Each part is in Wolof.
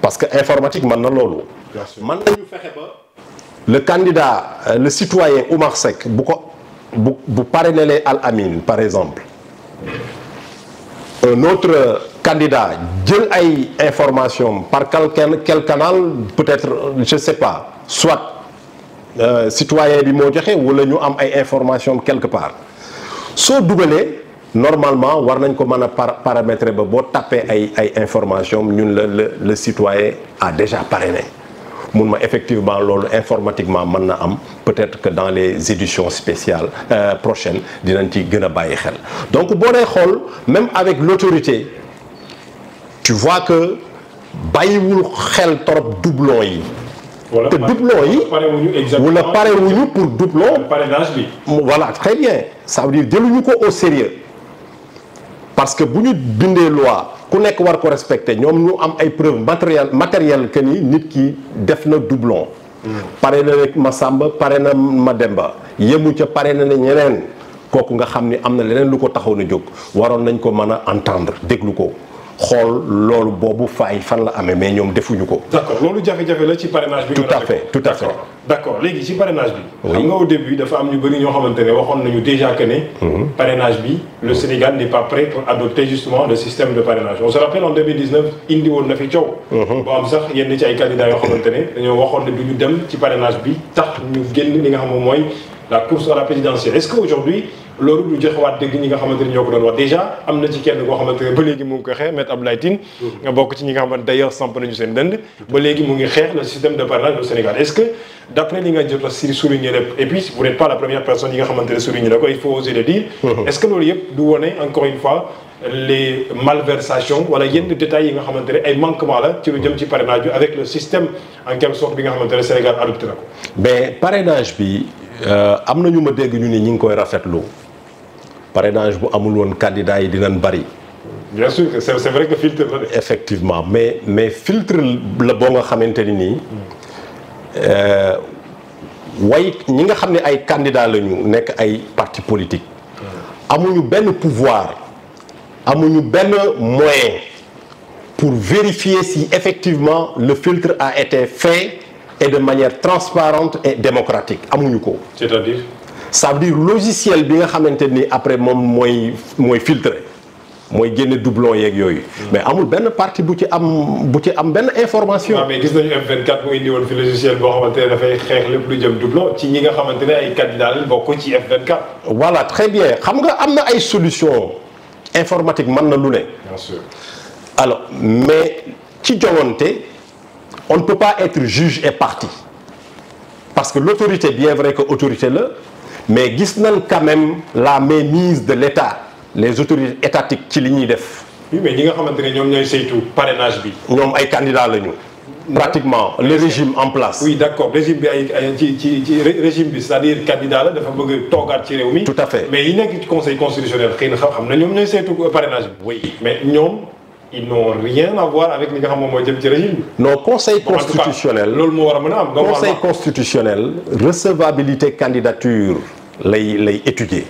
parce que informatique mën na loolu. man nañu fexe ba. le candidat euh, le citoyen Oumar sec bu ko bu bu parrainé Al Amin par exemple notre autre euh, jël ay information par quelqu'un quel canal peut-être je sais pas soit euh, citoyen bi moo joxe wala ñu am ay information quelque part soo dugalee. normalement war nañ ko mën a paramétrer ba boo tappee ay ay information ñun la le le citoyen a déjà parrainé mun ma effectivement loolu informatiquement mën na am peut-être que dans les éditions spéciales euh, prochaines dinañ ci gën a bàyyi xel donc boo dee xool même avec l'autorité tu vois que bàyyiwul xel trop doublon yi te doublon yi wala parewuñu pour doublon parrainage bi voilà très bien ça veut dire jëluñu ko au sérieux parce que bu ñu bindee loi ku nekk war ko respecter ñoom lu am ay preuve matériel matériel que ni nit ki def na doublon pare na ma sàmba pare na ma demba yemu ca pare na ne ñeneen kooku nga xam ni am na leneen lu ko taxaw na jóg waroon nañ ko mën a entendre déglu ko xool loolu boobu faay fan la amee mais ñoom defuñu ko. d'accord loolu jafe-jafe la ci parrainage bi. tout à fait à fait d'accord léegi ci parrainage bi. xam nga au début dafa am ñu bëri ñoo xamante ne waxoon nañu déjà que ne. Mhm. parrainage bi le mhm. Sénégal n'est pas prêt pour adopter justement le système de parrainage on se rappelle en 2019 indi woon na fi coow. Mhm. boo am sax yenn ci ay candidats yoo xamante ne dañoo waxoon ne du dem ci parrainage bi tax ñu génn li nga xam moom mooy. la course à présidentielle est-ce que aujourd'hui loolu du joxewaat dégg ñi nga xamante ñoo ko doon wax déjà am na ci kenn koo xamante ba léegi mu ngi xeex Maître Abdoulaye Tine nga mm-hmm. bokk ci ñi nga xamante d'ailleurs samp nañu seen dënd ba léegi mu ngi xeex le système de parrainage au Sénégal est-ce que d'après li nga jot a si souligner n'êtes pas la première personne yi nga xamante ne souligner ko il faut oser le dire mm-hmm. est-ce que Euh, am na ñu ma dégg ñu ni ñu ngi koy rafetlu parrainage bu amul woon candidat yi dinañ bari. bien sûr c'est vrai que filtre la de. effectivement mais mais filtre la boo nga xamante ni nii. Euh, way ñi nga xam ne ay candidat lañu nekk ay parti politique. amuñu benn pouvoir amuñu benn moyen pour vérifier si effectivement le filtre a été fait. et de manière transparente et démocratique amuñu ko. c'est-à-dire. ça logiciel bi nga xamante ni après moom mooy mooy filtrer mooy génne doublon yeeg yooyu. Hmm. mais amul benn parti bu ci am bu ci am benn information. waaw mais gis nañu F24 mu indi woon fi logiciel boo xamante ne dafay xeex lépp lu jëm doublon ci ñi nga xamante ne ay candidats daal bokk ci F24. voilà très bien xam nga am na ay solution informatique man na lu ne. bien mais ci joŋante. on ne peut pas être juge et parti parce que l'autorité bien vrai que autorité la mais gis nañ quand même la mainmise de l'État les autorités étatiques ci li ñuy def. oui mais ñi nga xamante ne ñoom ñooy saytu parrainage bi. ñoom ay candidats lañu. pratiquement le régime en place. oui d' régime bi ay ci ci ci régime bi c' est à dire candidat la dafa bëgg toogaat ci réew mi. tout à fait mais yi nekk ci conseil constitutionnel xëy na xam-xam na ñoom ñooy saytu parrainage bi. oui mais ñoom. ils n'ont rien à voir avec xam moom mooy jëm ci régime bi. non conseil constitutionnel loolu moo war a mën a am. conseil constitutionnel recevabilité candidature lay lay étudier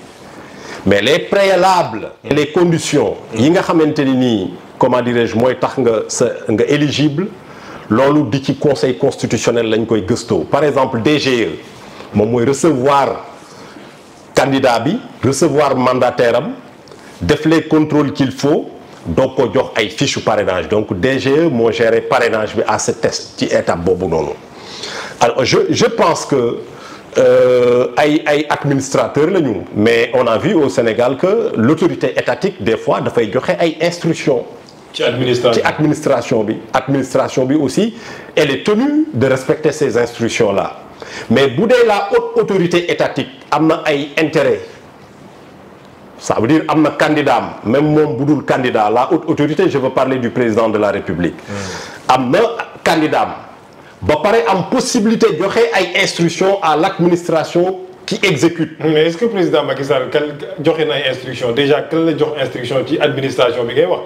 mais les préalables. les conditions. yi nga xamante ni nii comment dirais-je mooy tax nga sa nga éligible loolu di ci conseil constitutionnel lañ koy gëstoo par exemple DGE moom mooy recevoir candidat bi recevoir mandataire am def les contrôles qu'il faut. donc ko jox ay fiche parrainage donc DGE moo géré parrainage bi à ce test ci étape boobu noonu alors je je pense que euh, ay ay administrateurs la ñu mais on a vu au Sénégal que l'autorité étatique des fois dafay joxe ay instructions ci administration ci administration bi administration bi aussi elle est tenue de respecter ces instructions là mais bu dee la haute autorité étatique am na ay intérêt ça veut dire am na candidat am même moom bu dul candidat la haute autorité je veux parler du président de la république hmm. am na candidat am ba pare am possibilité joxe ay instructions à l'administration qui exécute. Hmm, mais est-ce que président Macky Sall kan joxe na ay instructions déjà kan la jox instruction ci administration bi ngay wax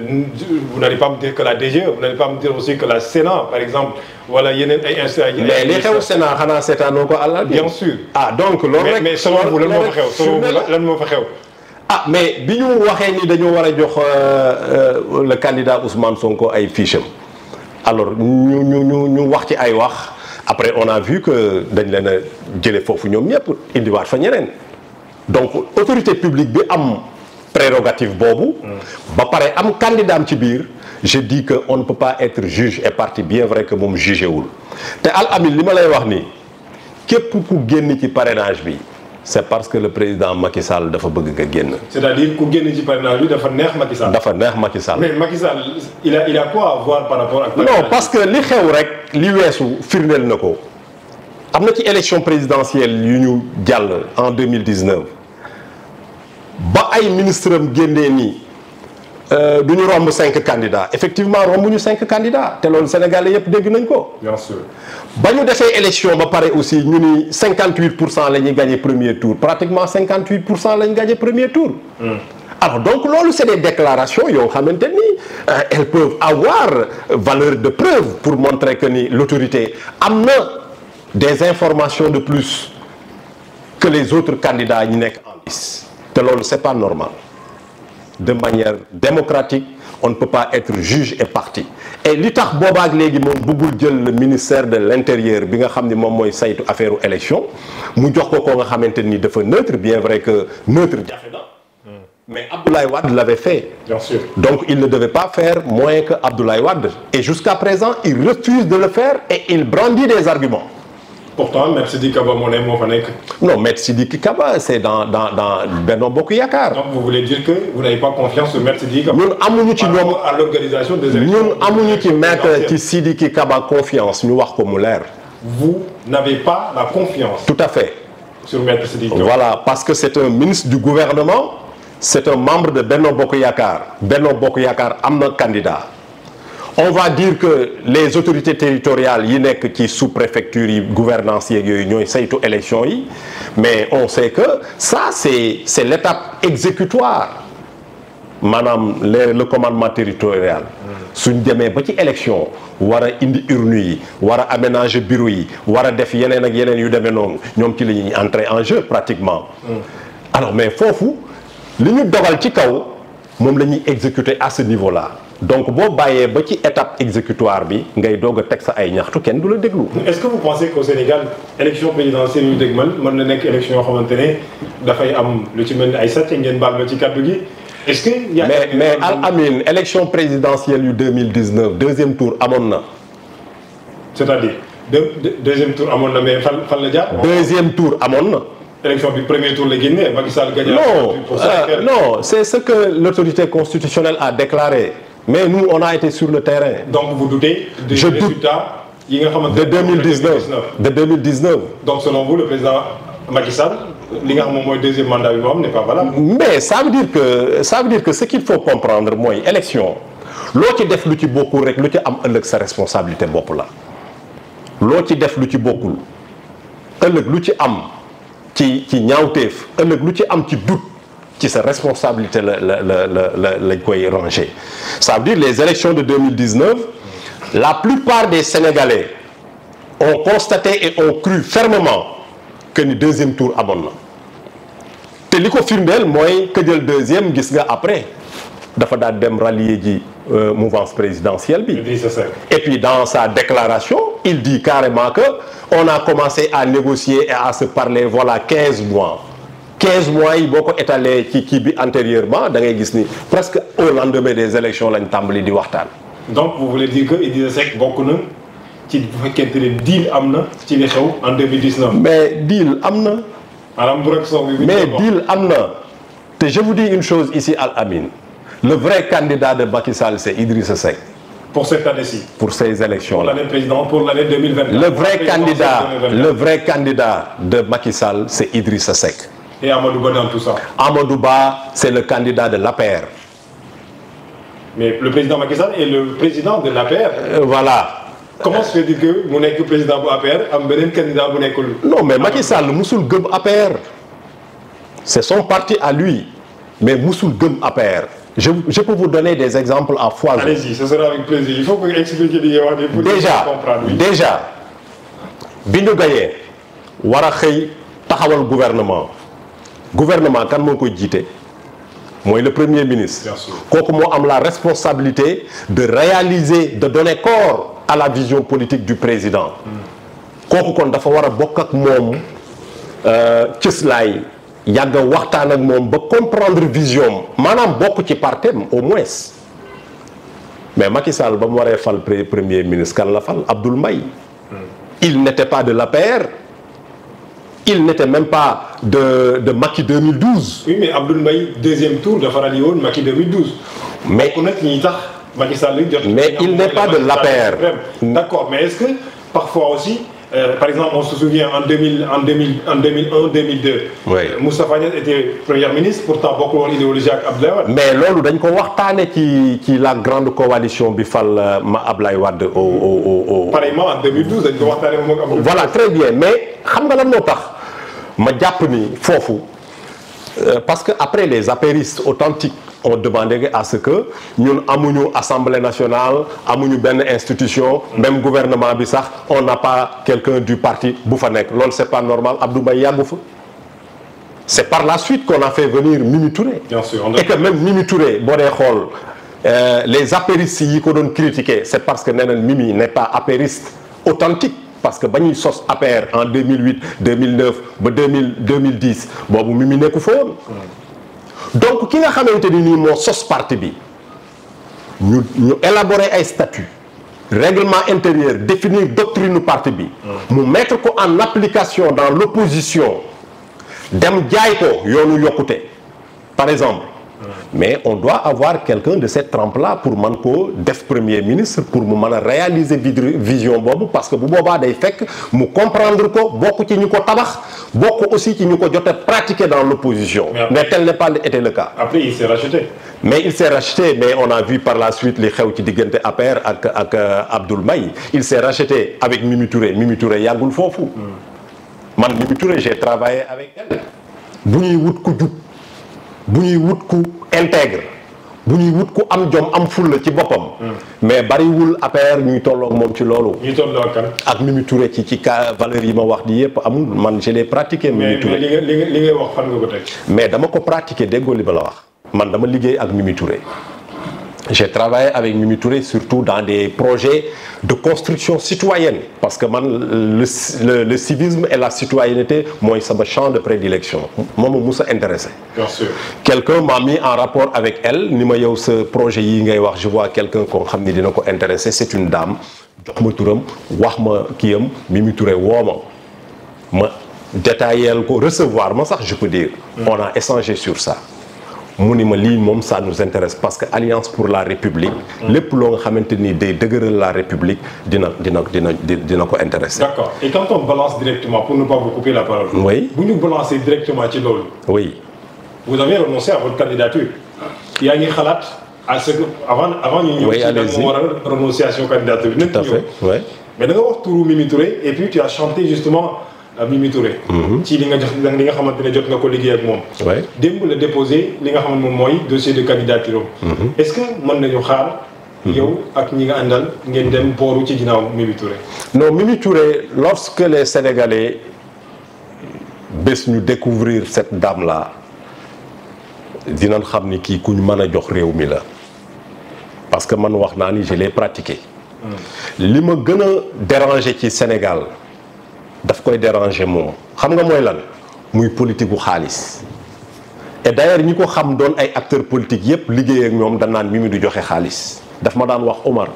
vous n'allez pas me dire que la DGE vous n'allez pas me dire que la Sénat par exemple wala yeneen ay. instructions mais li xew Sénat xanaa seetaanoo ko àll. bien sûr ah donc loolu rek. mais xew. ah mais bi ñu waxee ni dañoo war a jox euh, euh, le candidat Ousmane Sonko ay fiche alors ñu ñu ñu ñu wax ci ay wax après on a vu que dañ leen a jële foofu ñoom ñëpp indiwaat fa ñeneen donc autorité publique bi am prérogative boobu mm. ba pare am candidat ci biir je dis que on ne peut pas être juge et partie bien vrai que moom jugé wul te al amin li ma lay wax nii képp ku génn ci parrainage bi c'est parce que le président Macky Sall dafa bëgg nga génn. c'est-à-dire ku génn ci parrainage bi dafa neex Macky Sall. dafa neex Macky Sall. non parce que li xew rek li weesu firndeel na ko am na ci élection présidentielle yu ñu jàll en 2019 ba ay ministre am génnee nii. Euh, du ñu romb cinq candidats effectivement romb ñu cinq candidats te loolu sénégalais yëpp dégg nañ ko. ba ñu defee élection ba pare aussi ñu ni cinquante huit pour cent la ñuy gagné premier tour pratiquement cinquante huit pour cent la ñu gagné premier tour. Hmm. alors donc loolu c'est des déclarations yoo xamante ni euh, elles peuvent avoir valeur de preuve pour montrer que ni l'autorité am des informations de plus que les autres candidats ñi nekk en lice te loolu c'est pas normal. de manière démocratique on ne peut pas être juge et partie et li tax boobaak léegi moom bëggul jël le ministère de l'intérieur bi nga xam ni moom mooy saytu affaire élection mu jox ko ko nga xamante ni dafa neutre bien vrai que neutre jafe na mais Abdoulaye Wade l'avait fait bien sûr donc il ne devait pas faire moins que Abdoulaye Wade et jusqu'à présent il refuse de le faire et il brandit des arguments pourtant Maître Sidiki Kaba moo ne moo fa nekk. non Maître Sidiki Kaba c' est dans dans dans Benno Bokk Yaakaar. donc vous voulez dire que vous n'avez pas confiance sur Maître Sidiki Kaba. ñun amuñu ci ñoom à l' organisation des élections ñun amuñu ci Maître ci Sidiki Kaba confiance ñu wax ko mu leer. vous n'avez pas la confiance. tout à fait. sur Maître Sidiki Kaba voilà parce que c' est un ministre du gouvernement. c' est un membre de Benno Bokk Yaakaar. Benno Bokk Yaakaar am na candidat. on va dire que les autorités territoriales yi nekk ci sous-préfecture yi gouvernance yeeg yooyu ñooy saytu élection yi mais on sait que ça c'est c'est l'étape exécutoire maanaam le le commandement territorial suñ demee ba ci élection war a indi urne yi war a aménager bureau yi war a def yeneen ak yeneen yu demee noonu ñoom ci la ñuy entrer en jeu pratiquement alors mais foofu li ñu dogal ci kaw moom la ñuy exécuter à ce niveau-là donc boo bàyyee ba ci étape exécutoire bi ngay doog a teg sa ay ñaxtu kenn du la déglu. est-ce que vous pensez qu'au Sénégal élection présidentielle yu dégg man mën na nekk élection yoo xamante ne dafay am lu ci mel ni ay sàcc ngeen baal na ci kàddu gi. est-ce que mais mais Al Amine élection présidentielle yu 2019 deuxième tour amoon na. c'est-à-dire deux deuxième tour amoon na mais fan fan la jaar. deuxième tour amoon na. élection bi premier tour la génnee Macky Sall gagne. non euh, non c'est ce que l'autorité constitutionnelle a déclaré. mais nous on a été sur le terrain. donc vous doutez du je résultat yi nga xamante ne de 2019 de 2019. donc selon vous le président Macky Sall li nga xam moom mooy deuxième mandat bi moom ne pas valable. mais ça veut dire que ça veut dire que ce qu'il faut comprendre mooy élection loo ci def lu ci bokkul rek lu ci am ëllëg sa responsabilité bopp la loo ci def lu ci bokkul ëllëg lu ci am ci ci ñaawteef ëllëg lu ci am ci dut ci sa responsabilité la la la la lañ koy ranger ça veut dire les élections de 2019 la plupart des Sénégalais ont constaté et ont cru fermement que ni deuxième tour amoon na te li ko firndeel mooy que deuxième gis nga après dafa daal dem rallier ji euh, mouvance présidentielle bi et dans sa déclaration il dit carrément que on a commencé à négocier et à se parler voilà 15 mois quinze mois yi boo ko étalé ci kii bi antérieurement da ngay gis ni presque au lendemain des élections lañu tàmbali di waxtaan. donc vous voulez dire que Idrissa Seck bokk na ci bu fekkente ne deal am na ci li xew en mais deal am na. maanaam bu mais deal am na te je vous dis une chose ici Al Amine le vrai candidat de Macky Sall c'est Idrissa Seck. pour cette année-ci. pour ces élections là pour l'année président pour l'année 2024. le vrai candidat le vrai candidat de Macky Sall c'est Idrissa sec Et Amadou Ba dans tout Ba, c'est le candidat de l'APR. Mais le président Macky Sall le président de l'APR. Euh, voilà. comment se fait-il que mu nekk président bu APR am beneen candidat bu nekkul. non mais Macky Sall musul gëm APR. c'est son parti à lui mais musul gëm APR. je je peux vous donner des exemples à fois allez-y ce sera avec plaisir il faut que nga expliquer li déjà déjà bi ñu gagné war a xëy taxawal gouvernement. gouvernement kan moo koy jiite mooy le premier ministre kooku moo am la responsabilité de réaliser de donner corps à la vision politique du président hmm. kooku kon dafa war a bokk ak moom euh, cëslaay yàgg a waxtaan ak moom ba comprendre vision maanaam bokk ci partem au moins mais Macky ba mu waree fal premier ministre kan la fal Abdoul Mbaye hmm. il n'était pas de l'APR il n'était même pas de de Macky 2012. oui mais Abdoul Mbaye deuxième tour dafa rali woon Macky mais ku nekk ñi tax Macky Sall jot. mais il n'est pas de l'APR. d'accord mais est euh, par exemple on se souvient en 2000 en 2000 en 2001 2002. oui euh, Moustapha Niasse était premier ministre pourtant bokkul woon idéologie ak Abdoulaye mais loolu dañ ko waxtaane ci ci la grande coalition bi fal euh, ma Abdoulaye Wade au au au. pareillement en 2012 dañ ko waxtaane moom voilà très bien mais xam nga lan moo ma jàpp ni foofu euh, parce que après les apéristes authentiques ont demandé à ce que ñun amuñu assemblée nationale amuñu benn institution même gouvernement bi sax on n'a pas quelqu'un du parti bu fa nekk lool c'est pas normal Abdou Mbaye yàggu fa c'est par la suite qu'on a fait venir Mimi Touré bien sûr et que même Mimi Touré boo dee xool euh, les apéristes yi ko doon critiquer c'est parce que nee nañ Mimi n'est pas apériste authentique parce que ba ñuy sos APR en 2008 2009 ba 2000 2010 boobu mi mu nekku fa woon donc ki nga xamante ni nii moo sos parti bi ñu ñu élaborer ay statut règlement intérieur définir doctrine parti bi mu mettre ko en application dans l'opposition dem jaay ko yoonu yokkute par exemple mais on doit avoir quelqu'un de cette trempe-là pour man ko def premier ministre pour mu man a réaliser vision boobu parce que bu boobaa day fekk mu comprendre ko bokk ci ñu ko tabax bokk aussi ci ñu ko jot a pratiquer dans l'opposition mais, mais tel n'est pas été le cas. après il s'est mais il s'est racheté mais on a vu par la suite li xew ci diggante APR ak ak euh, Abdoul Mbaye il s'est racheté avec Mimi Touré Mimi Touré yàggul foofu. Hmm. man Mimi Touré j'ai travaillé avec elle. bu ñuy bu ñuy wut ku integre bu ñuy wut ku am jom am fulla ci boppam. Hmm. mais bariwul APR ñuy tolloog moom ci loolu. ñuy tolloog kan. ak Mimi Touré ci ci cas valeurs yi ma wax di yépp amul man je l'ai pratiqué. mais dama ko pratiqué déggoo li ba la wax man dama liggéey ak Mimi Touré. J'ai travaillé avec Mimi Touré surtout dans des projets de construction citoyenne parce que man le, le, civisme et la citoyenneté mooy sama champ de prédilection moom sa mus a intéressé. Bien Quelqu'un m'a mis en rapport avec elle ni ma yow sa projet yi ngay wax je vois quelqu'un koo xam ni dina ko intéressé c'est une dame jox ma turam wax ma kii am Mimi ture woo ma ma détaillé ko recevoir ma sax je peux dire. on a échangé sur ça. mu ni ma lii moom ça nous intéresse parce que alliance pour la république lépp loo nga xamante ni day dëgëral la république dina dina dina dina ko intéressé. d'accord et quand on balance directement pour ne pas vous couper la parole. oui bu ñu balancer directement ci loolu. oui. vous avez renoncé à votre candidature. xalaat à ce a renonciation candidature. tout à fait oui. mais da nga wax turu Mimi et puis tu as chanté justement. Mimi Touré. Mhm. ci li nga jox li nga xamante ne jot nga ko liggéey ak moom. waay démb la déposé li nga moom mooy dossier de candidature mhm. est ce que mën nañu xaar. Mhm. yow ak ñi nga àndal ngeen dem booru ci ginnaaw Mimi Touré. non Mimi Touré lorsque les Sénégalais bés ñu découvrir cette dame là dinañ xam ni kii ku ñu mën a jox réew mi la parce que man wax naa ni je l'ai li ma gën a dérangé ci Sénégal. daf koy déranger moom xam nga mooy lan muy politique gu xaalis et d'ailleurs ñi ko xam doon ay acteurs politiques yépp liggéey ak ñoom danaan mi mi du joxe xaalis daf ma daan wax Omar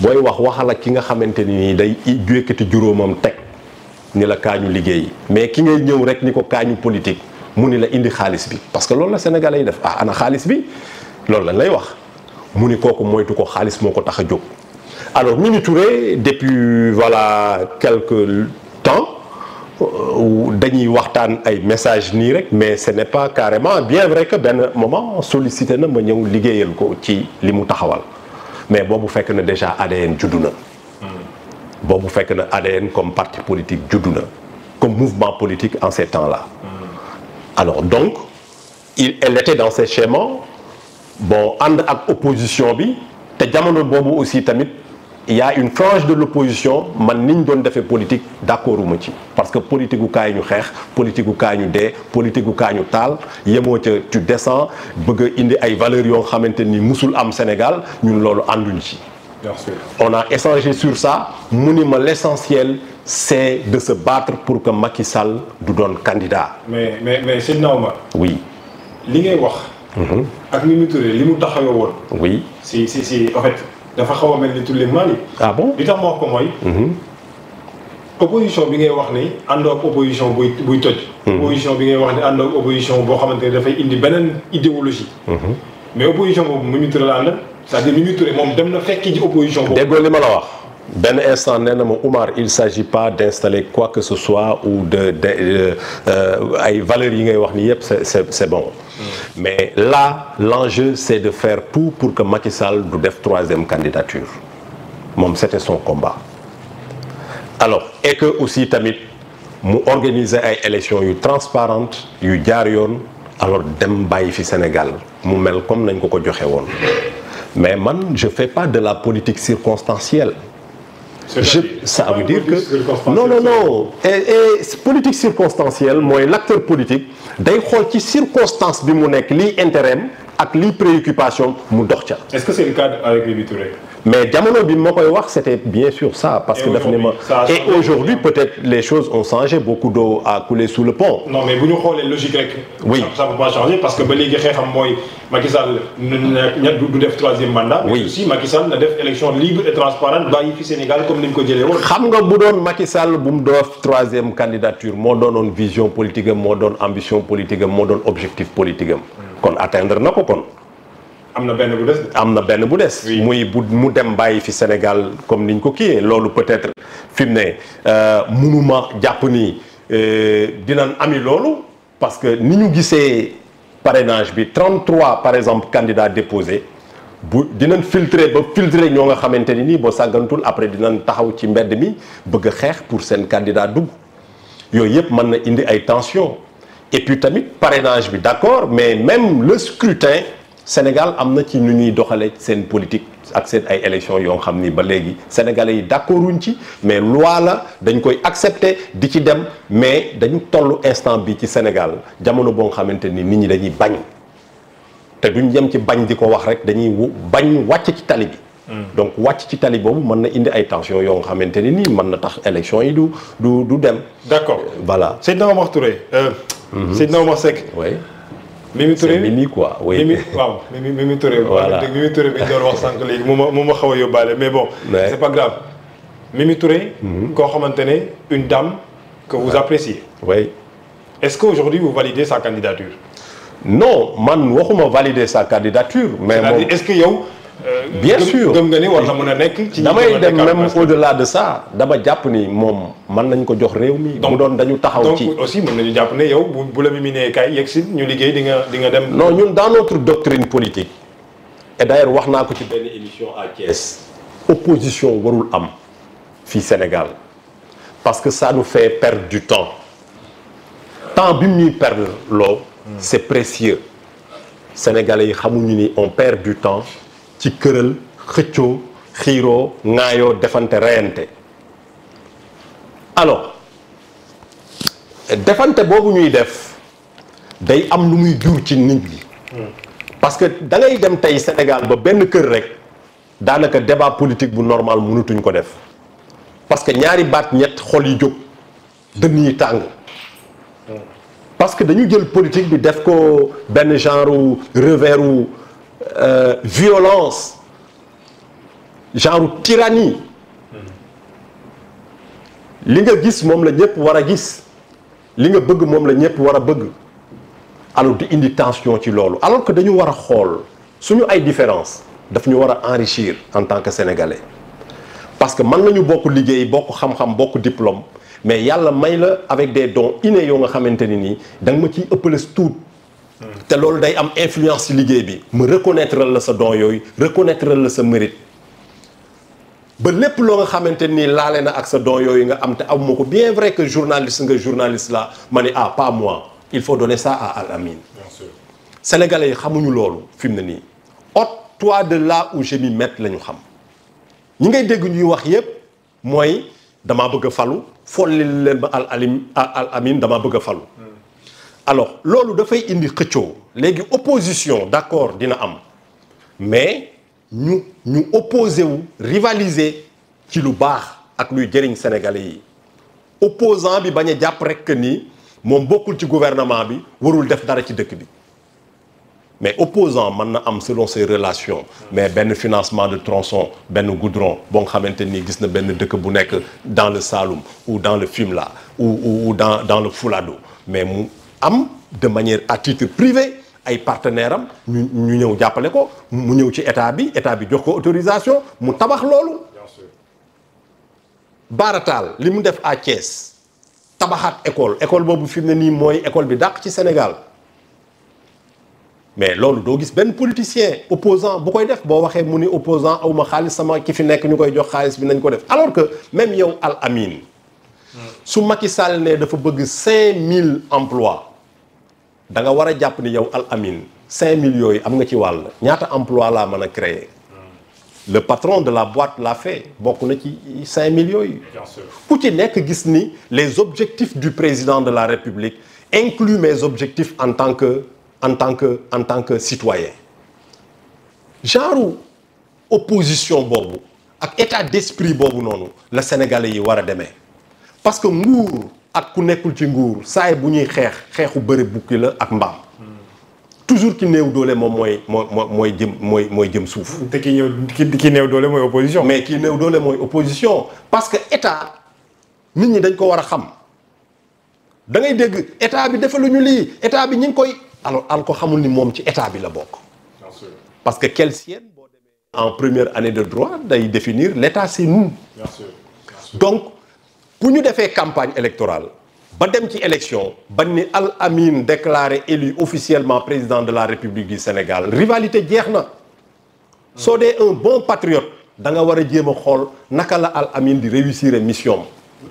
booy wax waxalak ki nga xamante ni nii day jékkati juróomam teg ni la kaañu liggéey mais ki ngay ñëw rek ni ko kaañu politique mu ni la indi xaalis bi parce que loolu na Sénégalais yi def ah ana xaalis bi loolu lañ lay wax mu ni kooku moytu ko xaalis moo ko tax a jóg alors Mimi Touré depuis voilà temps euh, dañuy waxtaan ay message nii rek mais ce ne pas carrément bien vrai que benn moment sollicité na ma ñëw liggéeyal ko ci li mu taxawal mais boobu fekk na déjà ADN juddu na boobu fekk na ADN comme parti politique juddu na comme mouvement politique en ces temps la alors donc il elle était dans ces schémas bon ànd ak opposition bi te jamono boobu aussi tamit il a une frange de l'opposition man ni ñu doon defee politique d'accorduma ci parce que politique gu kaay ñu xeex politique gu kaay ñu dee politique gu kaay ñu taal yemoo ca tu descends bëgg indi ay valeurs yoo xamante ni musul am Sénégal ñun loolu ànduñ ci. on a échangé sur ça mu ni ma l'essentiel c'est de se battre pour que Macky Sall du doon candidat. mais mais mais sëñ Naouma. oui li ngay wax. Mhm. ak Mimi Touré li mu taxawee woon. oui si si si en dafa xaw a mel ni tulli maani. ah bon li tax ma wax ko mooy. Mhm. opposition bi ngay wax ni àndoo ak opposition buy buy toj. Mhm. opposition bi ngay wax ni àndoo ak opposition boo xamante ne dafay indi beneen idéologie. Mhm. mais opposition boobu mu ñu turee la ànd c'est-à-dire mu ñu turee moom dem na fekki ji opposition boobu. déggoo li ma la wax. benn instant nee na ma Oumar il s'agit pas d'installer quoi que ce soit ou de de euh, ay valeurs yi ngay wax ni yëpp c'est c'est bon mm. mais là l'enjeu c'est de faire tout pour que Macky Sall du def troisième candidature moom c'était son combat alors et que aussi tamit mu organiser ay élections yu transparentes yu jaar yoon alors dem bàyyi fi Sénégal mu mel comme nañ ko ko joxe woon mais man je fais pas de la politique circonstancielle Je, ça veut dire que non non non et, et politique circonstancielle mooy l'acteur politique day xool ci circonstance bi mu nekk liy intérêt am ak liy préoccupation mu dox ca. Est-ce mais jamono bi ma koy wax c'était bien sûr ça parce que daf ma et aujourd'hui peut-être les choses ont changé beaucoup d'eau a coulé sous le pont non mais bu ñu xoolee logique rek oui ça peut parce que ba léegi xeexam mooy Macky Sall ñett du def troisième mandat mais aussi Macky Sall na def élection libre et transparente bàyyi fi Sénégal comme ni ñu ko jëlee woon xam nga bu doon Macky bu mu doof troisième candidature moo doonoon vision politique moo doon ambition politique moo doon objectif politique kon atteindre na ko kon am na benn bu des am na benn bu des. muy bu mu dem bàyyi fi Sénégal comme niñ ko kiiyee loolu peut-être fi mu ne euh, mënuma jàpp ni euh, dinañ ami loolu parce que ni ñu gisee parrainage bi 33 par exemple candidats déposé bu dinan filtre ba filtrer ñoo nga xamante ni nii boo sàggantul après dinañ taxaw ci mbedd mi bëgg a xeex pour seen candidat dugg yooyu yëpp mën na indi ay tensions et puis tamit parrainage bi d'accord mais même le scrutin. Sénégal am na ci nu ñuy doxale seen politique ak seen ay élections yoo xam ni ba léegi sénégalais yi d'accorduñ ci mais loi la dañ koy accepter di ci dem mais dañu toll instant bi ci Sénégal jamono boo xamante nii nit ñi dañuy bañ te duñ yem ci bañ di ko wax rek dañuy bañ wàcc ci tali bi. Hmm. donc wàcc ci tali boobu mën na indi ay tension yoo xamante ni nii mën na tax élection yi du du du dem. d'accord voilà Seydina Omar Touré. Euh, mhm. Seydina Omar Seck. oui. Mimi Touré Mimi quoi oui Mimi waaw Mimi Mimi Touré. voilà dégg Mimi Touré bi ñu ma xaw a yóbbaale mais bon. c'est pas grave Mimi Touré. Mm-hmm. koo xamante ne une dame que vous appréciez. oui est-ce que vous validez sa candidature. non man waxuma valider sa candidature. mais moom est-ce que yow. Euh, bien sûr nga ni war na mën a nekk. ci damay dem même au delà de ça dama jàpp ni moom mën nañ ko jox réew mi. mu doon dañu taxaw ci donc aussi mën nañu jàpp ne yow bu la mi nee kay yegg si ñu liggéey di nga di nga dem. non ñun dans notre doctrine politique. et d'ailleurs wax naa ko ci benn émission à Thiès. opposition warul am fii Sénégal parce que ça nous fait perdre du temps temps bi mu ñuy perdre loo. c'est précieux sénégalais yi xamuñu ni on perd du temps. ci këral xëccoo xiiroo ŋaayoo defante reyante alo defante boobu ñuy def day am lu muy jur ci nit ñi parce que da ngay dem tey Sénégal ba benn kër rek daanaka débat politique bu normal mënatuñ ko def parce que ñaari baat ñett xol yi jóg dënn yi tàng parce que dañu jël politique bi def ko benn genre wu euh, violence genre tyrannie li nga gis moom la ñëpp war a gis li nga bëgg moom la ñëpp war a bëgg alors di indi tension ci loolu alors que dañu war a xool suñu ay différence daf ñu war a enrichir en tant que sénégalais parce que mën nañu bokk liggéey bokk xam-xam bokk diplôme mais yàlla may la avec des dons innés yow nga xamante ni nii da ma ciy ëppales tuut te loolu day am influence ci liggéey bi mu reconnaître la sa don yooyu reconnaître la sa mérite ba lépp loo nga xamante nii laale na ak sa don yooyu nga am te amuma ko bien vrai que journaliste nga journaliste la ma ne ah pas moi il faut donner ça à Al Amine bien yi xamuñu loolu fi mu ne nii ôte-toi de la où je m'y mets ñu xam ñi ngay dégg ñuy wax yépp mooy dama bëgg a falu follil leen ba Al Alim Al Amine damaa bëgg a falu hmm. alors loolu dafay indi xëccoo léegi opposition d'accord dina am mais ñu ñu opposé wu rivaliser ci lu baax ak luy jëriñ sénégalais yi opposant bi bañ a jàpp rekk ni moom bokkul ci gouvernement bi warul def dara ci dëkk bi mais opposant mën na am selon ses relations mais benn financement de tronçon benn goudron boo nga xamante ni gis na benn dëkk bu nekk dans le Saloum ou dans le Fimela ou ou dans dans le Fuladu mais mu am de manière à titre privé ay partenaire am ñu ñu ñëw jàppale ko mu ñëw ci état bi état bi jox ko autorisation mu tabax loolu baarataal li mu def à Thiès tabaxaat école école boobu fi mu ne nii mooy école bi dàq ci Sénégal mais loolu doo gis benn politicien opposant bu koy def boo waxee mu ni opposant awma xaalis sama ki fi nekk ñu koy jox xaalis bi nañ ko def alors que même yow Al Amine hmm. su Macky Sall ne dafa bëgg mille emplois da nga war a jàpp ni yow al amin cinq mille yooyu am nga ci wàll ñaata emploi laa mën a créer le patron de la boîte l'a fait bokk na ci cinq mille yooyu ku ci nekk gis ni les objectifs du président de la république incluent mes objectifs en tant que en tant que en tant que citoyen genre opposition boobu ak état d'esprit boobu noonu la sénégalais yi war a demee parce que nguur ak ku nekkul ci nguur saay bu ñuy xeex xeexu bëri bukki la ak mbaam toujours ki néew doole moom mooy moo moo mooy jëm mooy mooy jëm suuf te ki ñëw ki néew doole mooy opposition mais ki néew doole mooy opposition parce que état nit ñi dañ ko war a xam dangay dégg état bi defaluñu lii état bi ñu ngi koy alors al ko xamul ni moom ci état bi la bokk parce que Kelsen boo demee en première année de droit day définir l'état c'est nous bu ñu defee campagne électorale ba dem ci élection ba ni Al Amine déclaré élu officiellement président de la République du Sénégal rivalité jeex na soo dee un bon patriote da nga war a jéem a xool naka la Al Amine di réussir mission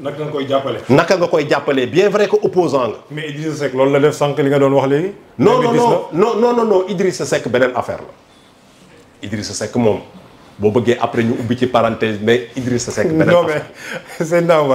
naka nga koy jàppale. naka nga koy jàppale bien vrai que opposant nga. mais Idrissa Seck loolu la def sànq li nga doon wax léegi. non non non non non non Idrissa Seck beneen affaire la Idrissa Seck moom. boo bëggee après ñu ubbi ci parenthèse mais Idrissa Seck. beneen non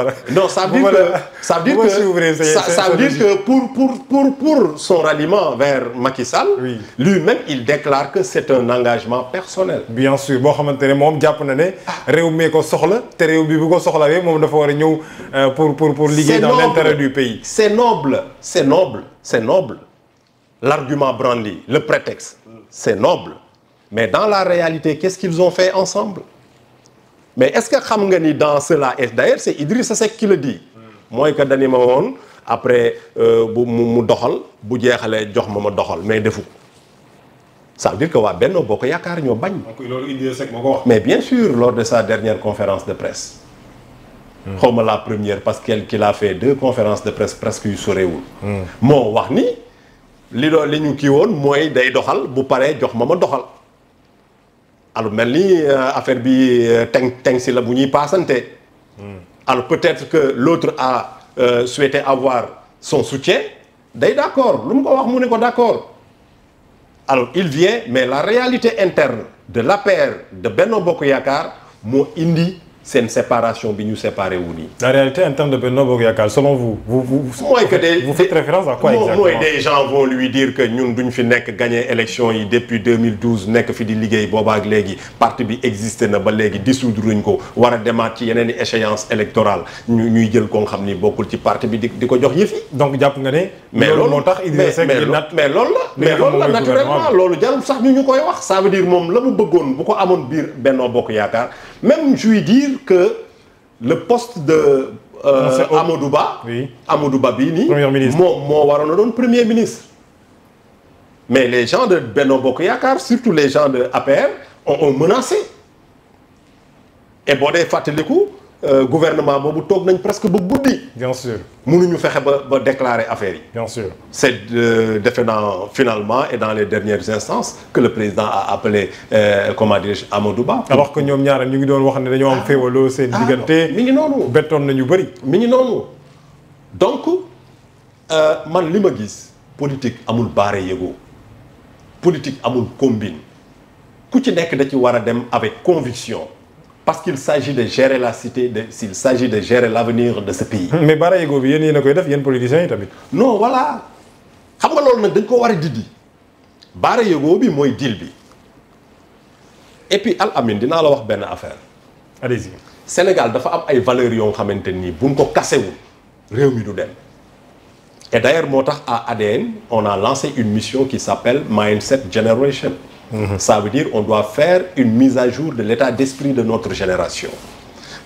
mais pour pour pour pour son ralliement vers Macky Sall. oui lui-même il déclare que c'est boo xamante ne moom jàpp na ne. Ah. réew mee ko soxla te réew bi bu ko soxlawee moom dafa war a ñëw euh, pour pour pour liggéey dans l'intérêt du pays. c'est noble c'est noble c'est noble l'argument brandi le prétexte c'est noble. Mais dans la réalité, qu'est-ce qu'ils ont fait ensemble Mais est-ce que Khamgani dans cela, et d'ailleurs c'est Idriss Seck qui le dit, moi que Dani Mamon, après euh, Moudokhal, Boudjekhale, ma Mamadoukhal, mais de vous. Ça veut dire que Wabenno Boko Yakar n'y a pas. Mais bien sûr, lors de sa dernière conférence de presse, hmm. xawma la première, parce qu'il a fait de conférence de presse presque yu sorewul. Hmm. moo wax ni li doon li ñu kii woon mooy day doxal bu paree jox ma ma doxal. alors mel ni euh, affaire bi euh, teng teng si la bu ñuy paasante. Hmm. alors peut-être que l'autre a euh, souhaité avoir son soutien day d'accord lu mu ko wax mu ne ko d'accord alors il vient mais la réalité interne de l'APR de benn Bokk Yaakaar moo indi. seen séparation bi ñu séparé wu nii. la réalité en termes de Benno Bokk Yaakaar selon vous. vous vous mooy que des vous faites référence à quoi exactement mooy des gens vont lui dire que ñun duñ fi nekk gagné élection ko a demaat ci yeneen i échéance électorale ñu ñuy jël ko xam ni bokkul ci parti bi di di ko jox yëf donc jàpp nga ne. mais loolu tax Idrissa Seck di nat mais loolu la. mais loolu sax ñu ñu koy moom la mu bëggoon bu ko amoon biir Benno Bokk Yaakaar même je lui dire que le poste de. Euh, e Amadou Ba. oui Amadou Ba bii nii. premier ministre moo moo waroon a doon premier ministre. mais les gens de Benno Bokk Yaakaar surtout les gens de APR ont, ont menacé. et boo dee fàttaliku. Euh, gouvernement boobu toog nañ presque ba guddi. bien sûr mënuñu fexe ba ba déclarer affaire yi. bien sûr c'est euh, defe naa finalement et dans les dernières instances que le président a appelé euh, comment dirais-je Amadou Ba. alors que ñoom ñaar ñu ngi doon wax ne dañoo am ah. féewaloo seen ah, diggante. mi ngi noonu bettoon nañu bëri. mi ngi noonu donc euh, man li ma gis politique amul baare yëgoo politique amul combine ku ci nekk da ci war a dem avec conviction. parce qu'il s'agit de gérer la cité de s'il s'agit de gérer l'avenir de ce pays. mais Baara Yego bi yéen yéen a koy def yéen politiciens yi tamit. non voilà xam nga lool nag dañ ko war a diddi Baara Yego bi mooy deal bi et puis dinaa la wax benn affaire. allez-y. Sénégal dafa am ay valeurs yoo xamante nii buñ ko kasewul réew mi du dem et d'ailleurs moo tax a ADN on a lancé une mission qui s'appelle Mindset Generation. Mmh. Ça veut dire on doit fair une mise à jour de l'état d'esprit de notre génération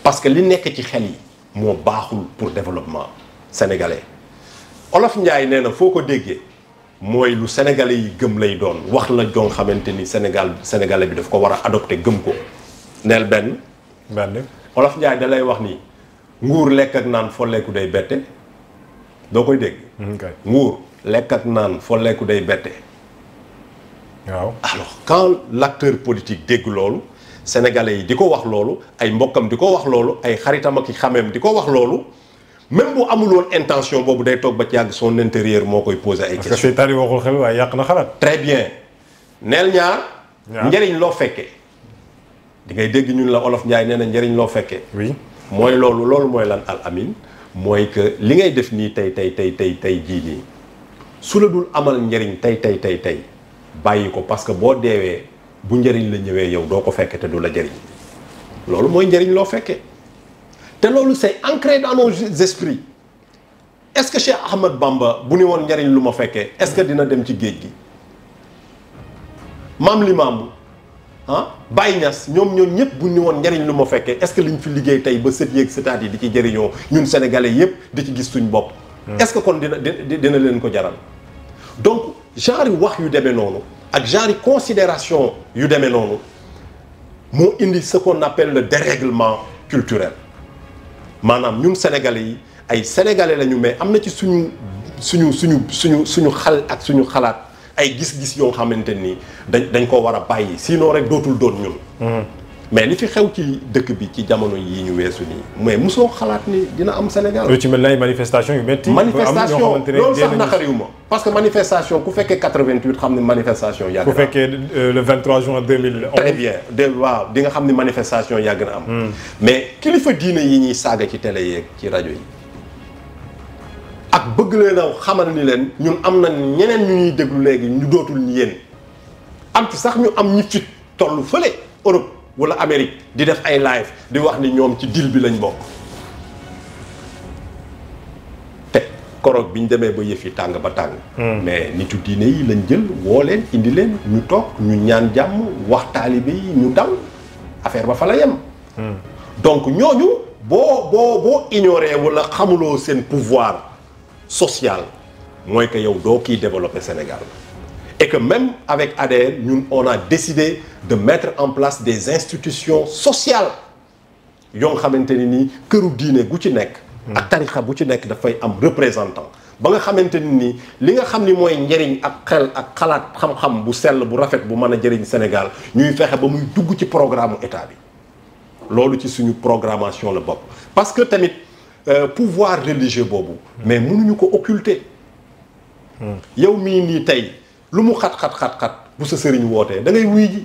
parce que li nekk ci xel yi moo baaxul pour développement sénégalais Olof Ndiaye nee na foo ko déggee mooy lu sénégalais yi gëm lay doon wax la joo xamante ni Sénégal sénégalais bi daf ko war a adopté gëm ko. neel benn. benn Olof Ndiaye da lay wax ni nguur lekk ak naan foo lekku day bette doo koy dégg. Mhm, nguur lekk ak naan foo lekku day bette. waaw alors quand l'acteur politique dégg loolu sénégalais yi di ko wax loolu ay mbokkam di ko wax loolu ay xaritam ak xameem di ko wax loolu même bu amul intention boobu day toog ba ci yàgg son intérieur moo koy posé ay questions. parce que seytaane waxul xel yàq na xalaat. très bien neel ñaar. njëriñ loo fekkee. dingay dégg ñun la olof Ndiaye nee njariñ loo fekkee. oui mooy loolu loolu mooy lan al amin mooy que li ngay def nii tey tey tey tey tey jii nii su la dul amal njëriñ tey tey tey tey. bàyyi ko parce que boo deewee bu njëriñ la ñëwee yow doo ko fekkee te du la jëriñ loolu mooy njëriñ loo fekkee te loolu c'est ancré dans nos esprits est-ce que Cheikh Bamba bu ni woon njëriñ lu ma fekkee est-ce que dina dem ci géej gi maam limaamu ah Baye Niass ñoom ñoom ñëpp bu ñu woon njariñ lu ma fekkee est-ce que liñ fi liggéey tey ba sët yeeg sëtaat yi di ci jëriñoo ñun sénégalais yëpp di ci gis suñ bopp. Hmm. est-ce que kon dina dina leen ko jaral genre yu wax yu demee noonu ak genre yu considération yu demee noonu moo indi ce qu'on appelle le dérèglement culturel maanaam ñun sénégalais yi ay sénégalais lañu mais am na ci suñu suñu suñu suñu suñu xal ak suñu xalaat ay gis-gis yoo xamante nii dañ dañ ko war a bàyyi sinon rek dootul doon ñun. Hmm. mais li fi xew ci dëkk bi ci jamono yi ñu weesu nii mais soo xalaat ni dina am Sénégal. lu ci mel ne manifestation yu métti. manifestation loolu sax naqariwu ma. parce que manifestation ku fekkee 88 xam ne manifestation yàgg na am ku fekkee euh, le 23 juin 2011. très bien de waaw di nga xam ne manifestation yàgg na am. Hmm. mais kilifa diine yi ñuy saaga ci télé yeeg ci rajo yi. ak bëgg leen a xamal ni leen ñun am na ñeneen ñu ñuy déglu léegi ñu dootul yéen am ci sax ñu am ñu fit tollu fële Europe. wala Amérique di def ay live di wax ni ñoom ci deal bi lañu bokk te koroog bi ñu demee ba yëf yi tàng ba tàng. Hmm. mais nitu diine yi lañ jël woo leen indi leen ñu toog ñu ñaan jàmm wax taalibe yi ñu daw affaire ba fa la yem. Hmm. donc ñooñu boo boo boo ignoré wala xamuloo seen pouvoir social mooy que yow doo kiy développer Sénégal. e que même avec ADN ñun on a décidé de mettre en place des institutions sociales yoo nga xamante ni nii këru diine gu ci nekk ak tarixa bu ci nekk dafay am représentant ba nga xamante ni nii li nga xam ni mooy njëriñ ak xel ak xalaat xam-xam bu sell bu rafet bu mën a jëriñ Sénégal ñuy fexe ba muy dugg ci programme état bi loolu ci suñu programmation la bopp parce que tamit euh, pouvoir religieux boobu mais mënuñu ko occulter hmm. yow mii nii tey lu mu xat xat xat xat bu sa sëriñ wootee da ngay wuy ji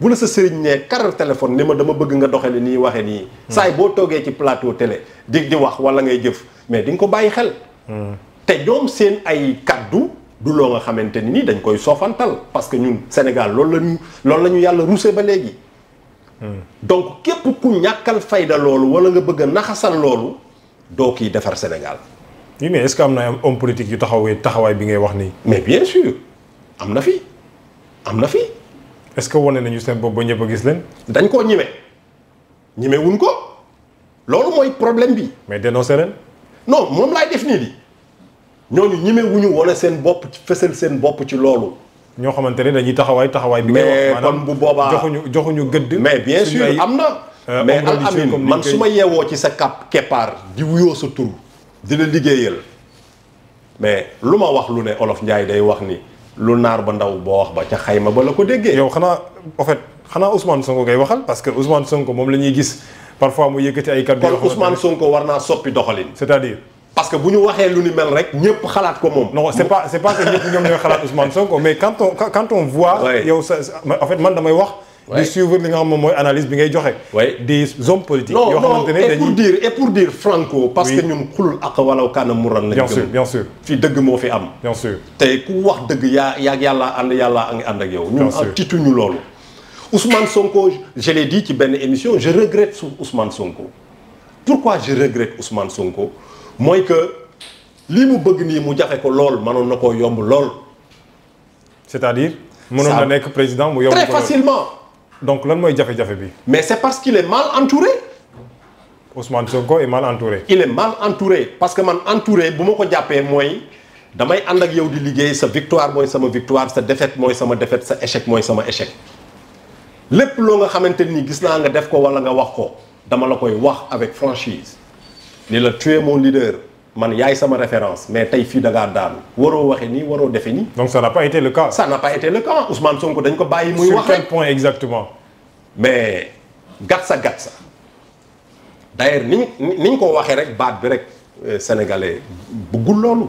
bu la sa sëriñ nee kar téléphone ni ma dama bëgg nga doxale nii waxe nii. saay boo toogee ci plateau télé di di wax wala ngay jëf mais di nga ko bàyyi xel. te ñoom seen ay kaddu du loo nga xamante ni dañ koy sofantal parce que ñun Sénégal loolu la ñu loolu la ñu yàlla ruuse ba léegi. donc képp ku ñàkkal fayda loolu wala nga bëgg a naxasal loolu doo kii defar Sénégal. oui mais est-ce que am na ay homme politique yu taxawee taxawaay bi ngay wax nii. mais bien sûr am na fi am na fi. est-ce que wane nañu seen bopp ba ñëpp a gis leen. dañ koo ñime ñime wuñ ko loolu mooy problème bi. mais dénoncé leen. non moom laay def nii di seen bopp fësal seen bopp ci loolu. ñoo xamante ne dañuy taxawaay taxawaay. bi ngay wax maanaam mais kon bu boobaa joxuñu joxuñu gëdd. mais bien sûr am na. Euh, mais Al Amine man su ma yeewoo ci sa kap keppaar di wuyoo sa tur. di la liggéeyal mais lu ma wax lu ne olof Ndiaye day wax ni lu naar ba ndaw boo wax ba ca xayma ba la ko déggee. yow xanaa en fait xanaa Ousmane Sonko ngay waxal parce que Ousmane Sonko moom la ñuy gis parfois mu yëkkati ay war naa soppi doxalin. c'est-à-dire. parce que bu ñu waxee lu ni mel rek ñëpp xalaat ko moom. non c'est pas c'est pas que ñëpp ñoom ñooy xalaat Ousmane Sonko mais quand on quand yow sa en man damay wax. di suivre li nga xam moom mooy analyse bi ngay joxe. des hommes politiques. yoo xamante ne dañuy non non et pour dire et pour dire franco. parce que ñun xulul ak walaw kaana muran lañ. bien sûr bien sûr fii dëgg moo fi am. bien sûr tey ku wax dëgg yaa yaa yàlla ànd yàlla a ngi ànd ak yow. ñun tituñu loolu. Ousmane Sonko je l'ai dit ci benn émission je regrette su Ousmane Sonko. pourquoi je regrette Ousmane Sonko mooy que li mu bëgg nii mu jafe ko lool mënoon na koo yomb lool. c'est-à-dire mënoon na nekk président mu yomb ko lool très facilement. donc lan mooy jafe-jafe bi. mais c'est parce qu'il est mal entouré. Ousmane Sonko est mal entouré. il est mal entouré parce que man entouré bu ma ko jàppee mooy damay ànd ak yow di liggéey sa victoire mooy sama victoire sa défaite mooy sama défaite sa échec mooy sama échec lépp loo nga xamante nii gis naa nga def ko wala nga wax ko dama la koy wax avec franchise ni la tu es mon leader. man yaay sama référence mais tey fii da ngaa waroo waxe nii waroo defe nii. donc ça n'a pas été le cas. ça n'a été le cas Ousmane Sonko dañ ko bàyyi. muy wax sur quel point exactement. mais gatsa gatsa d'ailleurs ni ni ko waxee rek baat bi rek euh, sénégalais bëggul loolu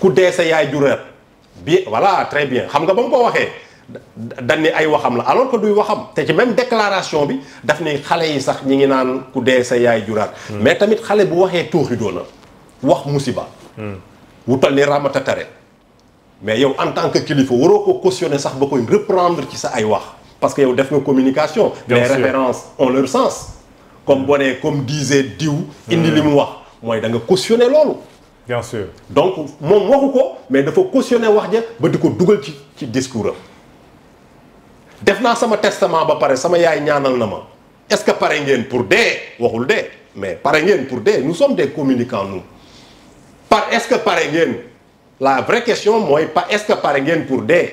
ku dee sa yaay jureer bi voilà très bien xam nga ba mu ko waxee. dañ ne ay waxam la alors que duy waxam te ci même déclaration bi daf ne xale yi sax ñi ngi naan ku dee sa yaay juraat hmm. mais tamit xale bu waxee tooxi doona wax musiba hmm. wutal ni ramata tare mais yow en tant que kilifa waroo ko cautionner sax ba koy reprendre ci sa ay wax parce que yow def nga communication les références ont leur sens comme hmm. boo nee comme disait diw indi li mu wax mooy da nga cautionner loolu bien donc moom waxu ko mais dafa cautionner wax ja ba di ko dugal ci ci discours am def naa sama testament ba pare sama yaay ñaanal na ma est-ce que pare ngeen pour dee waxul dee mais pare ngeen pour dee nous sommes des communicants par est-ce que pare ngeen la vraie question mooy pas est que pare ngeen pour dee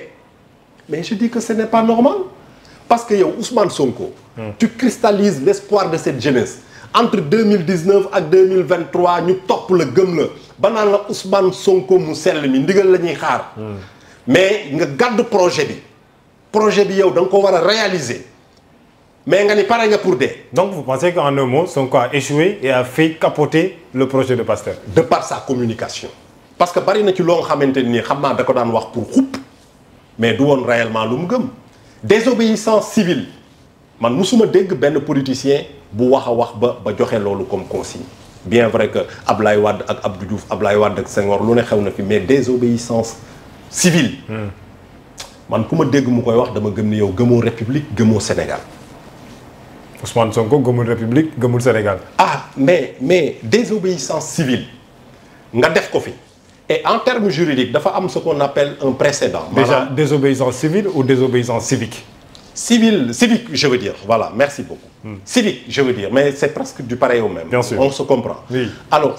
mais je di que ce n'est pas normal parce que yow Ousmane Sonko. Hmm. tu cristallises l'espoir de cette jeunesse. entre 2019 ak 2023 ñu topp la gëm la ba naan la Ousmane Sonko mu sell mi ndigal la ñuy xaar. Hmm. mais nga gàdd projet bi. projet bi yow da nga ko war a réaliser mais nga ni pare nga pour dee. donc vous pensez qu'en un mot Sonko a échoué et a fait capoter le projet de Pasteur. de par sa communication. parce que bari na ci loo xamante nii xam naa da ko daan wax pour xupp mais du woon réellement lu mu gëm désobéissance civile man musuma dégg benn politicien bu wax a wax ba ba joxe loolu comme consigne. bien vrai que ab Ablaye wadd ak ab Abdou ab Ablaye Wade ak Senghor lu ne xew na fi mais désobéissance civile. Hmm. man ku ma dégg mu koy wax dama gëm ni yow gëmoo république gëmoo Sénégal. Ousmane Sonko gëmul république gëmul Sénégal. ah mais mais désobéissance civile nga def ko fi. et en terme juridiques dafa am ce qu'on appelle un précédent. déjà désobéissance civile ou désobéissance civique. civil, civique, je veux dire. Voilà, merci beaucoup. Mm. Civique, mais c'est presque du pareil au même. Bien sûr. On se comprend. Oui. Alors,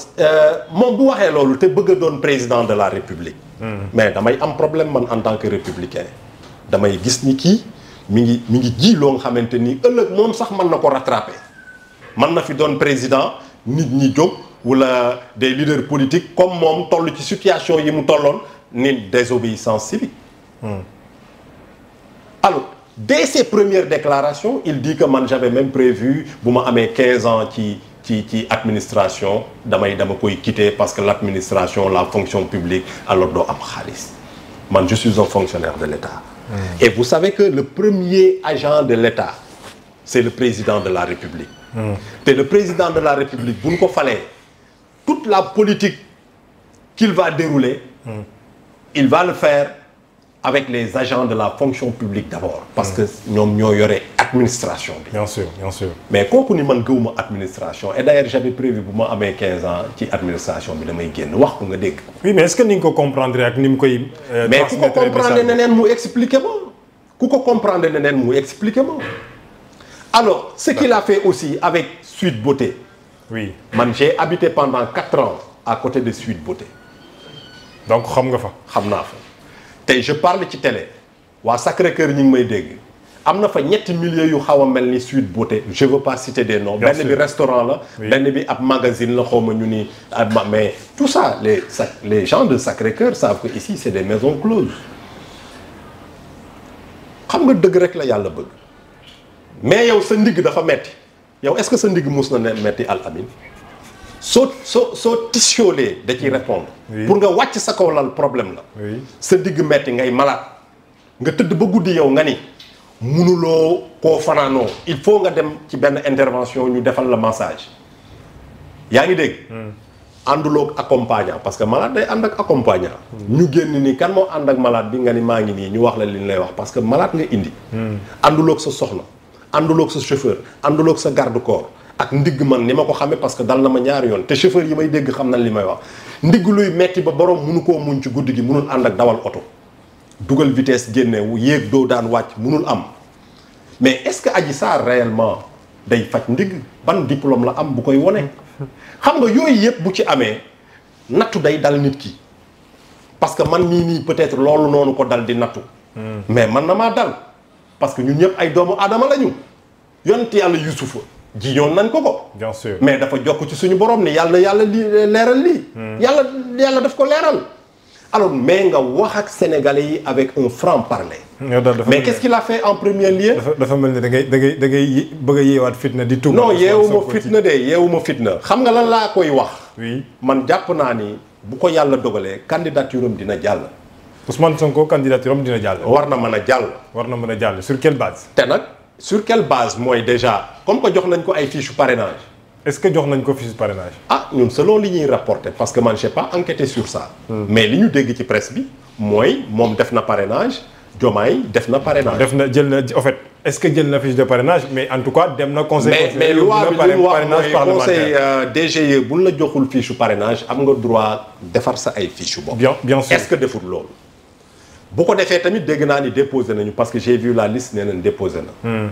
mon boire est l'ol, tu doon président de la République. Hmm. Mais damay am problème en tant que républicain. damay gis ni kii mu ngi mu ngi ji loo nga xamante ni ëllëg moom sax mën na ko rattraper man na fi doon président nit ñi jóg wala des leaders politiques comme moom toll ci situation yi mu tolloon ni désobéissance civique hmm. alors dès ses premières déclarations il dit que man j'avais même prévu bu ma amee 15 ans ci ci ci administration damay dama koy quitter parce que l'administration la fonction publique alors doo am xaalis man je suis un fonctionnaire de l'État mmh. et vous savez que le premier agent de l'État c'est le président de la République mmh. te le président de la République bu ñu ko falee toute la politique qu'il va dérouler mmh. il va le faire avec les agents de la fonction publique d'abord parce mm. que ñoom ñoo yore administration bi bien sûr bien sûr mais kooku ni man gëwuma administration et d'ailleurs j'avais prévu bu ma amee quinze ans ci administration bi damay génn wax ko nga dégg oui mais est-ce ko comprendre ak ni mu koy euh, mais ku ko comprendre neneen mu expliquer ma ku ko comprendre neneen mu expliquer alors ce qu'il a aussi avec Sweet Beauté oui man j'ai habité pendant quatre ans à côté de Sweet Beauté donc xam nga fa xam naa fa tey je parle ci télé waa Sacré-Cœur ñi ngi may dégg am na fa ñetti milieu yu xaw a mel ni Sweet Beauté je veux pas citer des non benn bi restaurant la benn bi ab magazine la xawma ñu ni mais tout ça les les gens de Sacré-Cœur savent que ici c'est des maisons closes xam nga dëgg rek la yàlla bëgg mais yow sa ndigg dafa metti yow est-ce que sa ndigg mus na ne metti Al soo soo soo tissiolé da ci répondre pour nga wàcc sa kaw lal problème la sa digg metti ngay malade nga tëdd ba guddi yow nga ni mënuloo koo fanaanoo il faut nga dem ci benn intervention ñu defal la massage yaa ngi dégg hmm. ànduloog accompagnant parce que malade day ànd ak accompagnant hmm. ñu génn ni kan moo ànd ak malade bi nga ni maa ngi nii ñu wax la li ñu lay wax parce que malaat nga indi hmm. ànduloog sa soxna ànduloog sa chauffeur àndulook sa garde corps ak ndigg man ni ma ko xame parce que dal na ma ñaari yoon te chauffeur yi may dégg xam nañ li may wax ndigg luy metti ba mu munu koo muñ ci guddi gi munul ànd ak dawal oto dugal vitesse génne yéeg doo daan wàcc munul am mais est-ce que Adji Sarr réellement day faj ndigg ban diplôme la am bu koy wone xam nga yooyu yëpp bu ci amee nattu day dal nit ki parce que man nii nii peut-être loolu noonu ko dal di nattu hmm. mais man na maa dal parce que ñun ñëpp ay doomu aadama lañu yonent yàlla Yusufa jiñoon nañ ko ko. bien sûr mais dafa jokk ci suñu borom ne yàlla yàlla li leeral lii. Hmm. yàlla yàlla daf ko leeral. alors mais nga wax ak sénégalais yi avec un franc parler. mais qu'est-ce qu'il fait en premier lieu. dafa mel ni dangay ngay da ngay bëgg a yeewaat fitna di. tuuma non yeewuma fitna de yeewuma fitna. xam nga lan laa koy wax. oui man jàpp naa ni bu ko yàlla dogalee candidature dina jàll. Ousmane Sonko candidature am dina jàll. war na mën a jàll. war na mën a jàll sur quelle base. sur quelle base mooy déjà comme que jox nañ ko ay fiches parrainage. est-ce que jox nañ ko fiche parrainage. ah ñun selon li ñuy rapporté parce que man j'ai pas enquêté sur ça. Hum. mais li ñu dégg ci presse bi mooy moom def na parenage Diomaye def na parrainage. def na jël na en fait est-ce que jël na fiche de parrainage mais en tout cas dem na. conseil mais mais loi bi na mu wax mooy euh, bu la joxul fiche parrainage am nga droit defar sa ay fiche bopp. bien bien sûr est-ce que deful loolu. bu ko defee tamit dégg naa ni déposé nañu parce que j'ai vu la liste nee nañ déposé na.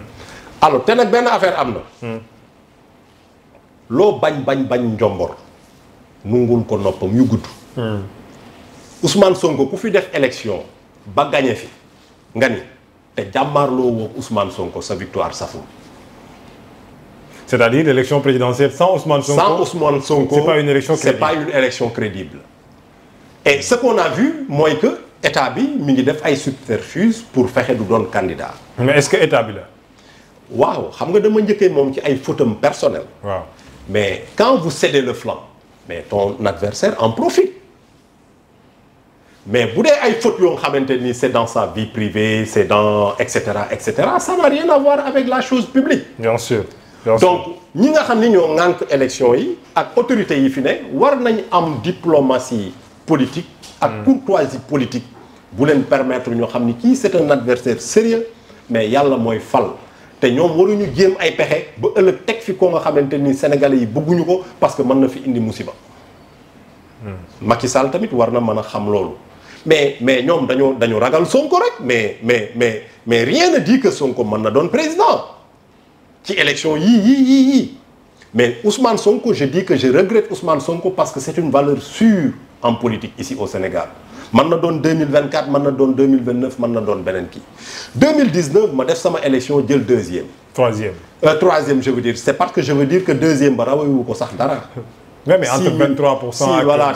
alors te nag benn affaire am na. loo bañ bañ bañ njombor nungul ko noppam yu gudd. Ousmane Sonko ku fi def élection ba gañe fi nga ni te loo woog Ousmane Sonko sa victoire saful. c'est-à-dire l'élection présidentielle sans Ousmane Sonko sans Ousmane Sonko c'est pas une élection crédible et ce qu'on vu mooy que. état bi mi ngi def ay subterfuges pour fexe du doon candidat. mais est-ce que état bi la. waaw xam nga dama njëkkee moom ci ay fautam personnel. waaw mais quand vous cédez le flanc mais ton adversaire en profite mais bu dee ay fautes yoo xamante ni c'est dans sa vie privée c'est dans et cetera et cetera ça n'a rien avec la chose publique. bien sûr. Bien sûr. donc ñi nga xam ni ñoo ŋànk élection yi ak autorités yi fi ne war nañ am diplomatie. politique ak hmm. courtoisie politique bu leen permettre ñoo xam ni kii c'est un adversaire sérieux mais yàlla mooy fal te ñoom ñu jéem ay pexe ba ëllëg teg fi koo nga xamante ni sénégalais yi bëgguñu ko parce que mën na fi indi musiba. Hmm. Macky Sall tamit war na mën a xam loolu mais mais ñoom dañoo dañu ragal Sonko rek mais mais mais mais rien a dit que Sonko mën na doon président ci élection yii yii yii yii mais Ousmane Sonko je dis que je regrette Ousmane Sonko parce que c'est une en politique ici au Sénégal mën na doon 2024 mën na doon 2029 na doon beneen kii 2019 ma def sama élection jël deuxième. troisième euh, troisième je veux dire c'est parce que je veux dire que deuxième ba rawewu ko sax dara. mais mais entre 23 pour cent ak voilà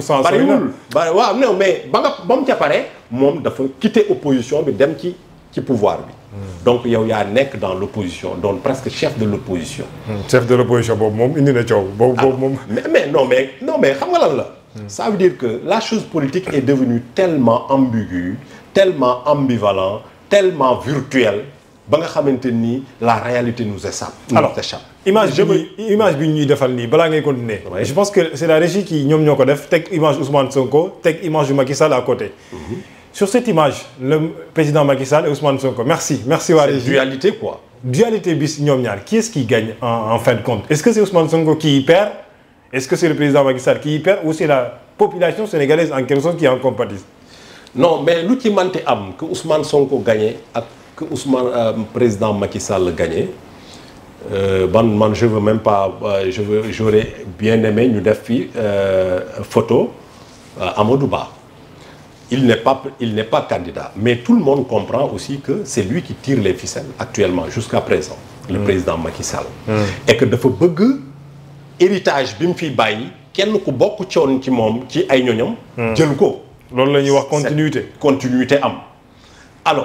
cent bariwul bari waaw non mais ba nga ba mu ca pare moom dafa quitter opposition bi dem ci ci pouvoir bi. Hmm. donc yow yaa nekk dans l'opposition donc presque chef de l'opposition. Hmm, chef de l'opposition boobu moom indi na coow. boobu ah, boobu moom. mais mais non mais non mais xam nga lan la. ça veut dire que la chose politique est devenue tellement ambiguë tellement ambivalent tellement virtuel ba nga xamante ni la réalité nous échappe. alors image bi image bi ñuy defal nii balaa ngay continuer. je pense que c'est la régie qui ñoom ñoo ko def teg image Ousmane Sonko teg image yu Macky Sall à côté. mm sur cette image le président Macky Sall et Ousmane Sonko merci. merci waa régie dualité quoi. dualité bis ñoom ñaar qui est-ce qui gagne en en fin de compte est-ce que c'est Ousmane Sonko Est-ce que c'est le président Macky Sall qui y perd ou c'est la population sénégalaise en quelque sorte qui en compatisse non mais lu ci manti am que Ousmane Sonko gagné ak que Ousmane euh, président Macky Sall gagné man euh, man je veux même pas euh, je j'aurais bien aimé ñu def fi euh, photo euh, Amadou Ba il n'est pas il n'est pas candidat mais tout le monde comprend aussi que c'est lui qui tire les ficelles actuellement jusqu'à présent le hmm. président Macky Sall hmm. et que dafa bëgg héritage bi mu fi bàyyi kenn ku bokk coon ci moom ci ay ñoñam hmm. jël ko loolu la ñuy wax continuité continuité am alo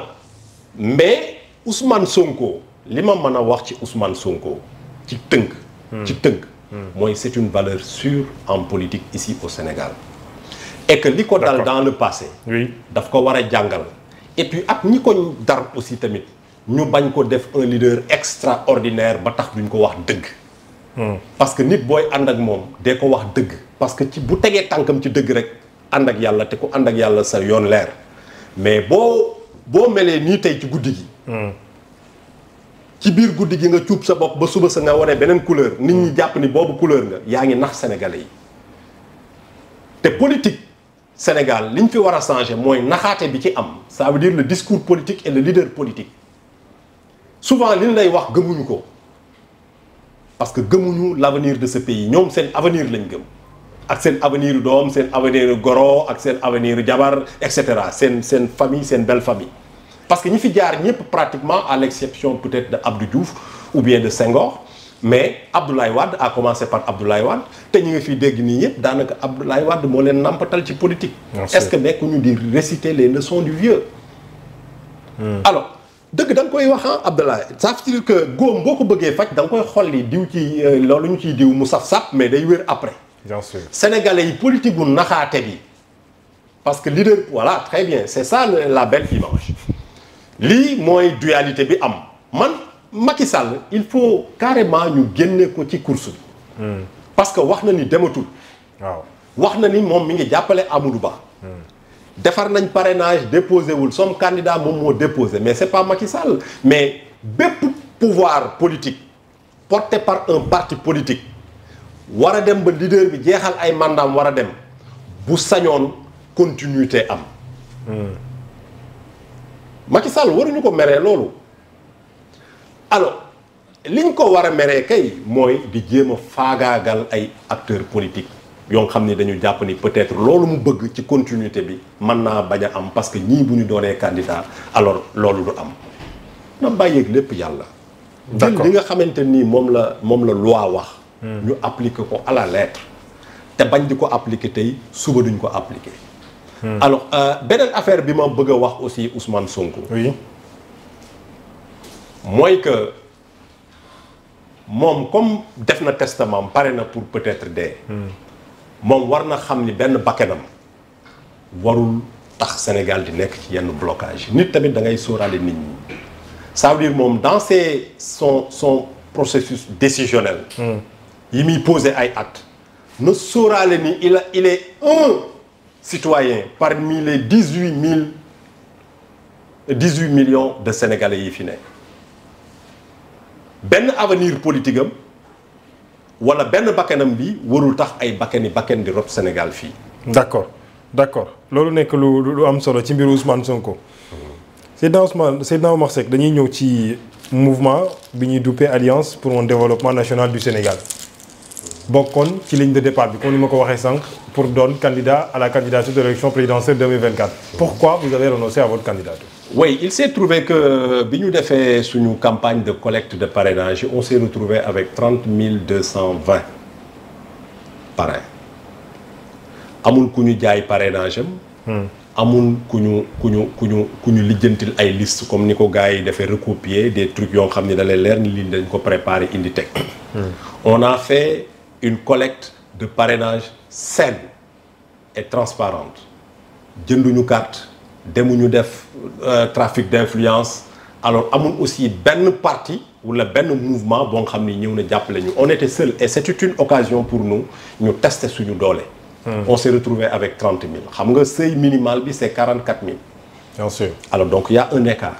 mais Ousmane Sonko li ma mën a wax ci Ousmane Sonko ci tënk hmm. ci tënk hmm. mooy c'est une valeur sûre en politique ici au Sénégal et li ko dal dans le passé oui daf ko war a jàngal et puis ak ñi ko dar aussi tamit ñu bañ ko def un leader extraordinaire ba tax duñ ko wax dëgg parce que nit booy ànd ak moom dee ko wax dëgg parce que ci bu tegee tànkam ci dëgg rek ànd ak yàlla te ku ànd ak yàlla sa yoon leer mais boo boo melee nii tey ci guddi gi ci biir guddi gi nga cuub sa bopp ba suba sa nga waree beneen couleur nit ñi jàpp ni boobu couleur nga yaa ngi nax sénégalais yi te politique Sénégal li ñu fi war a changer mooy naxaate bi ci am ça veut dire le discours politique et le leader politique souvent li ñu lay wax gëmuñu ko parce que gëmuñu l' avenir de ce pays ñoom seen avenir lañ gëm ak seen avenir doom seen avenir goro ak seen avenir jabar et cetera seen seen famille seen belle famille parce que ñi fi jaar ñëpp pratiquement à l' peut-être de Abdou Diouf ou bien de Senghor mais Abdoulaye Wade a commencé par Abdoulaye Wade te ñu ngi fi dégg nii yëpp daanaka Abdoulaye Wade moo leen nampatal ci politique. est-ce que ñu di réciter les leçons du vieux. Hmm. alors dëgg da koy wax ah sa ça que góom boo ko bëggee faj da nga koy xolli diw ci euh, loolu ñu ciy diw mu saf sap mais day wér après. bien sûr yi politique bu naxaate bi parce que leader voilà très bien c'est ça la belle image lii mooy dualité bi am man Macky sàll il faut carrément ñu génne ko ci course bi. Hmm. parce que wax na ni dematul. waaw wax na ni moom mi ngi jàppale Amadou Ba. Hmm. defar nañ parrainage déposé wul som candidat moom moo déposé mais c'est pas Macky Sall mais bépp pouvoir politique porté par un parti politique war a dem ba leader bi jeexal ay mandaam war a dem bu sañoon continuité am. Hmm. Macky Sall waruñu ko meree loolu alors liñ ko war a meree kay mooy bi jéem a faagaagal ay acteurs politiques. yoo xam ni dañu jàpp ni peut-être loolu mu bëgg ci continuité bi mën naa bañ a am parce que ñii bu ñu doonee candidat alors loolu du am na bàyyeeg lépp yàlla. d'accord li nga xamante ni moom la moom la loi wax. Hmm. ñu appliquer ko à lettre. te bañ di ko appliquer tey suba duñ ko appliquer. Hmm. alors euh, beneen affaire bi ma bëgg a wax aussi Ousmane Sonko. oui mooy que moom comme def na testament pare na pour peut-être dee. Hmm. moom war na xam ni benn bakkenam warul tax Sénégal di nekk ci yenn blocage nit tamit da ngay sóoraale nit ñi ça veut dire moom dans ses son son processus décisionnel hmm. yi muy poser ay actes na sóoraale ni il a il est un citoyen parmi les dix-huit mille dix-huit millions de Sénégalais yi fi nekk benn avenir politique am wala benn bakkanam bi warul tax ay bakkani bakkan di rob Sénégal fii. d'accord d'accord loolu nekk lu lu am solo ci mbiru Ousmane Sonko. Mhm. Seydina Ousmane Seydina Oumar Seck dañuy ñëw ci mouvement bi ñuy duppee alliance pour un développement national du Sénégal bokkoon ci ligne de départ bi comme ni ma ko waxee sànq pour doon candidat à la candidature de l'élection présidentielle 2024. pourquoi vous avez renoncé à votre candidature. oui il s'est trouvé que bi ñu defee suñu campagne de collecte de parrainage on s'est retrouvé avec trente mille deux cent vingt parrain amul ku ñu jaay parrainage am. Hmm. amul ku ñu ku ñu ku ñu ku ñu lijjantil ay liste comme ni ko gars yi defee recopier des trucs yoo xam ni da leer ni lii dañ ko préparer indi teg. Hmm. on a fait une collecte de parrainage saine et transparente jënduñu carte. demu ñu def euh, trafic d'influence alors amul aussi benn parti wala benn mouvement boo xam ni ñëw na jàpp ñu on était seul et c'était une occasion pour nous ñu tester suñu doole. Hmm. on s'est retrouvé avec trente mille xam nga seuil minimal bi c'est quarante quatre mille. bien sûr alors donc il y a un écart.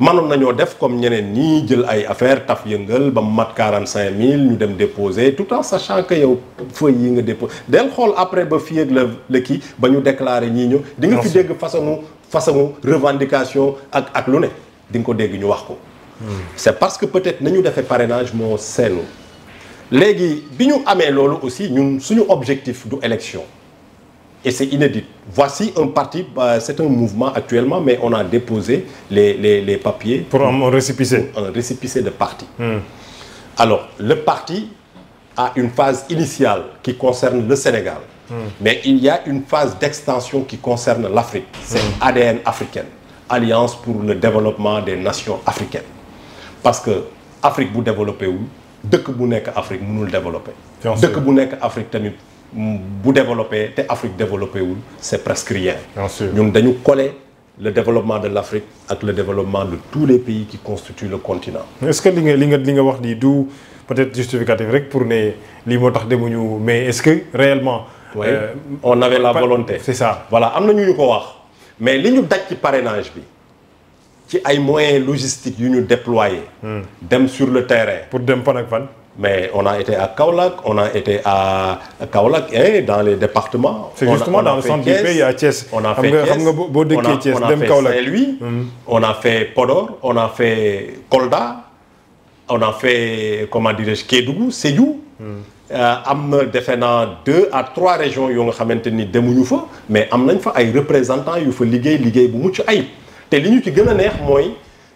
mënoon nañoo def comme ñeneen ñii jël ay affaire taf yëngal ba mat quarante cinq mille ñu dem déposer tout en sachant que yow feuille yi nga déposé del xool après ba fii ak la la ba ñu déclaré ñii ñu di nga fi dégg façonu façonu revendication ak ak lu ne di nga ko dégg ñu wax ko hmm. c'est parce que peut-être nañu defee parrainage moo seenu léegi bi ñu amee loolu aussi ñun suñu objectif du élection et c'est inédit. Voici un parti, c'est un mouvement actuellement, mais on a déposé les, les, les papiers. Pour un récépissé. Pour de parti. Hmm. Alors, le parti a une phase initiale qui concerne le Sénégal, hmm. mais il y a une phase d'extension qui concerne l'Afrique. C'est hmm. ADN africaine, Alliance pour le développement des nations africaines. Parce que Afrique, vous développez où Dès que vous n'êtes Afrique, vous nous le développez. Dès que vous n'êtes bu développé te Afrique développé wul c'est presque rien. ñun dañu coller le développement de l'Afrique ak le développement de tous les pays qui constituent le continent. est-ce que li nga li nga li nga wax nii du peut-être justificatif rek pour ne lii moo tax demuñu mais est-ce que réellement. oui euh, on avait la volonté. c'est ça voilà am na ñu ñu ko wax. mais li ñu daj ci parrainage bi ci ay moyen logistiques yu ñu déployé. Hmm. dem sur le terrain. pour dem fan ak fan. Mais on a été à Kaolac, on a été à Kaolac dans les départements. C'est justement on a, on dans a le centre du pays, à Thiès. On a fait Thiès, on a, Thiès, on a fait Saint-Louis, hmm. on a fait Podor, on a fait Kolda, on a fait, comment dirais-je, Kédougou, Sédou. Hmm. Euh, am na defe naa deux à trois régions yoo nga xamante ni demuñu fa mais am nañ fa ay représentants yu fa liggéey liggéey bu mucc ayib te li ñu ci gën a neex mooy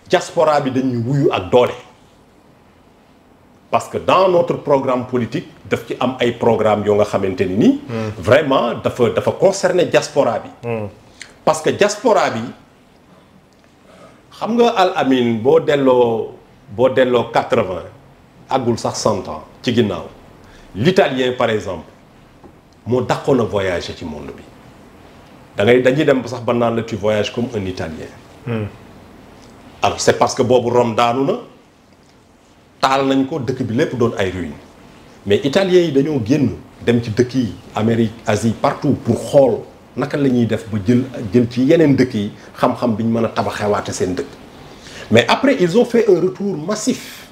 diaspora bi dañuy wuyu ak doole. parce que dans notre programme politique daf ci am ay programme yoo nga xamante ni nii vraiment dafa dafa concerner diaspora bi hmm. parce que diaspora bi xam nga Al boo delloo boo delloo quatre-vingt àggul sax cent ans ci ginnaaw l'italien par exemple moo dàqoon a voyager ci monde bi da ngay dañuy dem ba sax ba naan la tu voyages comme un italien hmm. alors c'est parce que boobu Rome daanu na taal nañ ko dëkk bi lépp doon ay ruine mais italiens yi dañoo génn dem ci dëkk yi Amérique Asie partout pour xool naka la ñuy def ba jël jël ci yeneen dëkk yi xam-xam bi ñu mën a tabaxewaate seen dëkk mais après ils ont fait un retour massif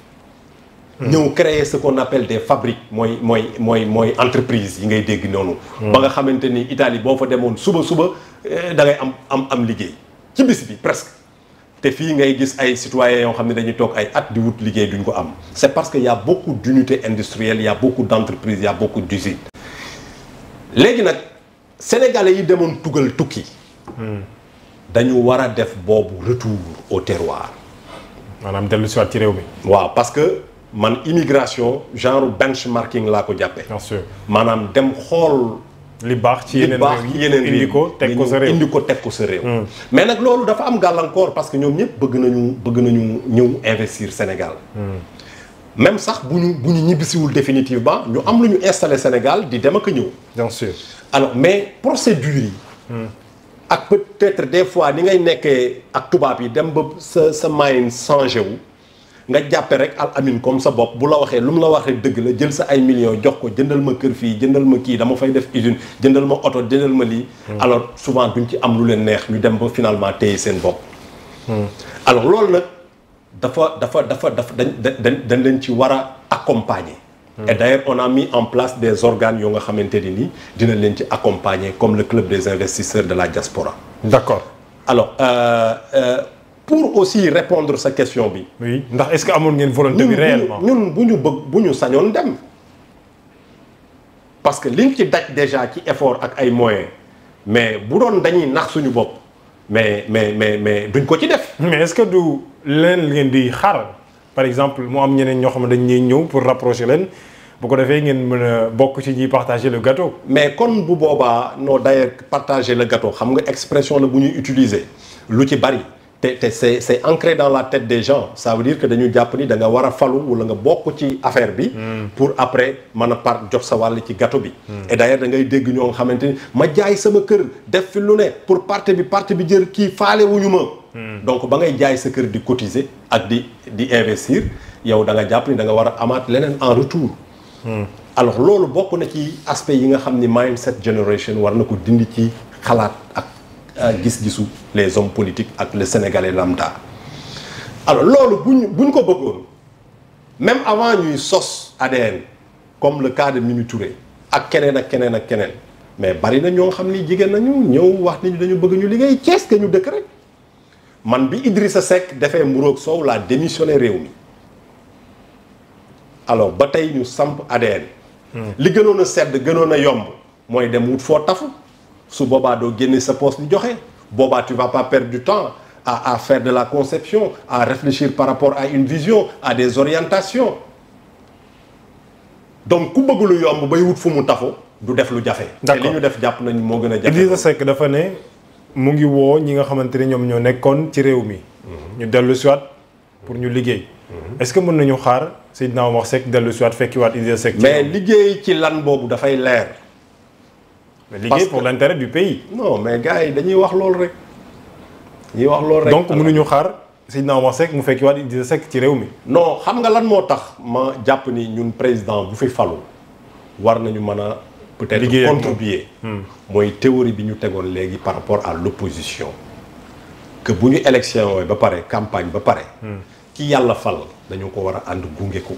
ñëw créer ce qu'on appelle des fabriques mooy mooy mooy mooy entreprise yi ngay dégg noonu hmm. ba nga xamante ni Italie boo fa demoon suba suba eh, dangay am am am liggéey ci bis bi presque te fii ngay gis ay citoyens yoo xam ne dañuy toog ay at di wut liggéey duñ ko am c'est parce que y a beaucoup d'unités industrielles y a beaucoup d'entreprises y léegi nag sénégalais yi demoon tugal tukki hmm. dañu war a def boobu retour au terroir maanaam dellu si ci réew mi waaw parce que man immigration genre benchmarking laa ko jàppee maanaam dem xool li baax ci yeneen yeneen indi ko teg ko sa indi ko teg ko sa réew hmm. mais nag loolu dafa am gàllankoor parce que ñoom ñëpp bëgg nañu bëgg nañu ñëw investir Sénégal hmm. même sax bu ñu bu ñu ñibbisiwul définitivement ñu am lu ñu installé Sénégal di dem ak a ñëw bien sûr alors mais procédure yi hmm. ak peut-être des fois ni ngay nekkee ak tubaab yi dem ba sa sa mind changé wu nga jàppe rek al amin comme sa bopp bu la waxee lu mu la wax dëgg la jël sa ay millions jox ko jëndal ma kër fii jëndal ma kii dama fay def usine jëndal ma oto jëndal ma lii hmm. alors souvent ñu ci am lu leen neex ñu dem ba finalement téye seen bopp hmm. alors loolu nag dafa dafa dafa dafa dañ dañ dañ leen ci war a accompagner hmm. et d'ailleurs on a mis en place des organes yoo nga xamante ni nii dina leen ci accompagner comme le club des investisseurs de la diaspora d'accord alors euh, euh, pour aussi répondre sa question bi. oui ndax est-ce que amoon ngeen volonté bi réellement ñun bu ñu bëgg bu ñu sañoon dem. parce que li liñ ci daj déjà ci effort ak ay moyens mais bu doon dañuy nax suñu bopp mais mais mais mais duñ ko ci def. mais est-ce que du leen ngeen di xaar par exemple moo am ñeneen ñoo xam ne dañ ñuy ñëw pour rapprocher leen bu ko defee ngeen mën a bokk ci ñuy partager le gato mais kon bu boobaa non d'ailleurs partager la gâteau xam nga expression la bu ñuy utiliser lu ci bari. te te c'est c'est ancré dans la tête des gens ça veut dire dañu jàpp ni da nga war a falu wala nga bokk ci affaire bi. pour après mën a par jox sa wàll ci gato bi. et d'ailleurs da ngay dégg ñoo nga xamante ni ma jaay sama kër def fi lu ne pour parti bi parti bi jël kii faale wu ñu ma. donc ba ngay jaay sa kër di cotiser ak di di investir yow da nga jàpp ni da war a amaat leneen en retour. alors loolu bokk na ci aspect yi nga xam ni mindset generation war na ko dindi ci xalaat ak. Euh, gis-gisu les hommes politiques ak le sénégalais lamta alors loolu buñ buñ ko bëggoon même avant ñuy sos ADN comme le cas de ñu Touré ak keneen ak keneen ak keneen mais bari na ñoo xam ni jigéen nañu ñëw wax ni dañu bëgg ñu liggéey Cees que ñu dëkk rek man bi sa Seck defee mburoog soow laa démissionné réew mi alors ba tey ñu samp ADN. Hmm. li gënoon a sedd gënoon a yomb mooy dem wut foo tafu. su boobaa doo génne sa poste di joxe boobaa tu vas pas perdre du temps à à de la conception à réfléchir par rapport à une vision à des orientations donc ku bëgg lu yomb bay wut fu mu tafu du def lu jafe. te li ñu def jàpp nañ moo gën a jafe. Idrissa Seck dafa ne mu ngi woo ñi nga xamante ne ñoom ñoo nekkoon ci réew mi. Mhm. ñu dellu si pour ñu liggéey. Mhm. est-ce mën nañu xaar Seydina Omar Seck dellu si fekkiwaat fekki waat Idrissa Seck. mais liggéey ci lan boobu dafay leer. mais liggéey pour l'intérêt du pays. non mais gars yi dañuy wax loolu rek. ñuy wax loolu rek. donc mënuñu xaar Seydina Omar Seck mu fekki waat Idrissa sekk ci réew mi. non xam nga lan moo tax ma jàpp ni ñun président bu fi falu war nañu mën a. peut-être Liguer contribuer. Hmm. mooy théorie bi ñu tegoon léegi par rapport à l'opposition. que bu ñu élection ba pare campagne ba pare. Hmm. ki yàlla fal dañu ko war a ànd gunge ko.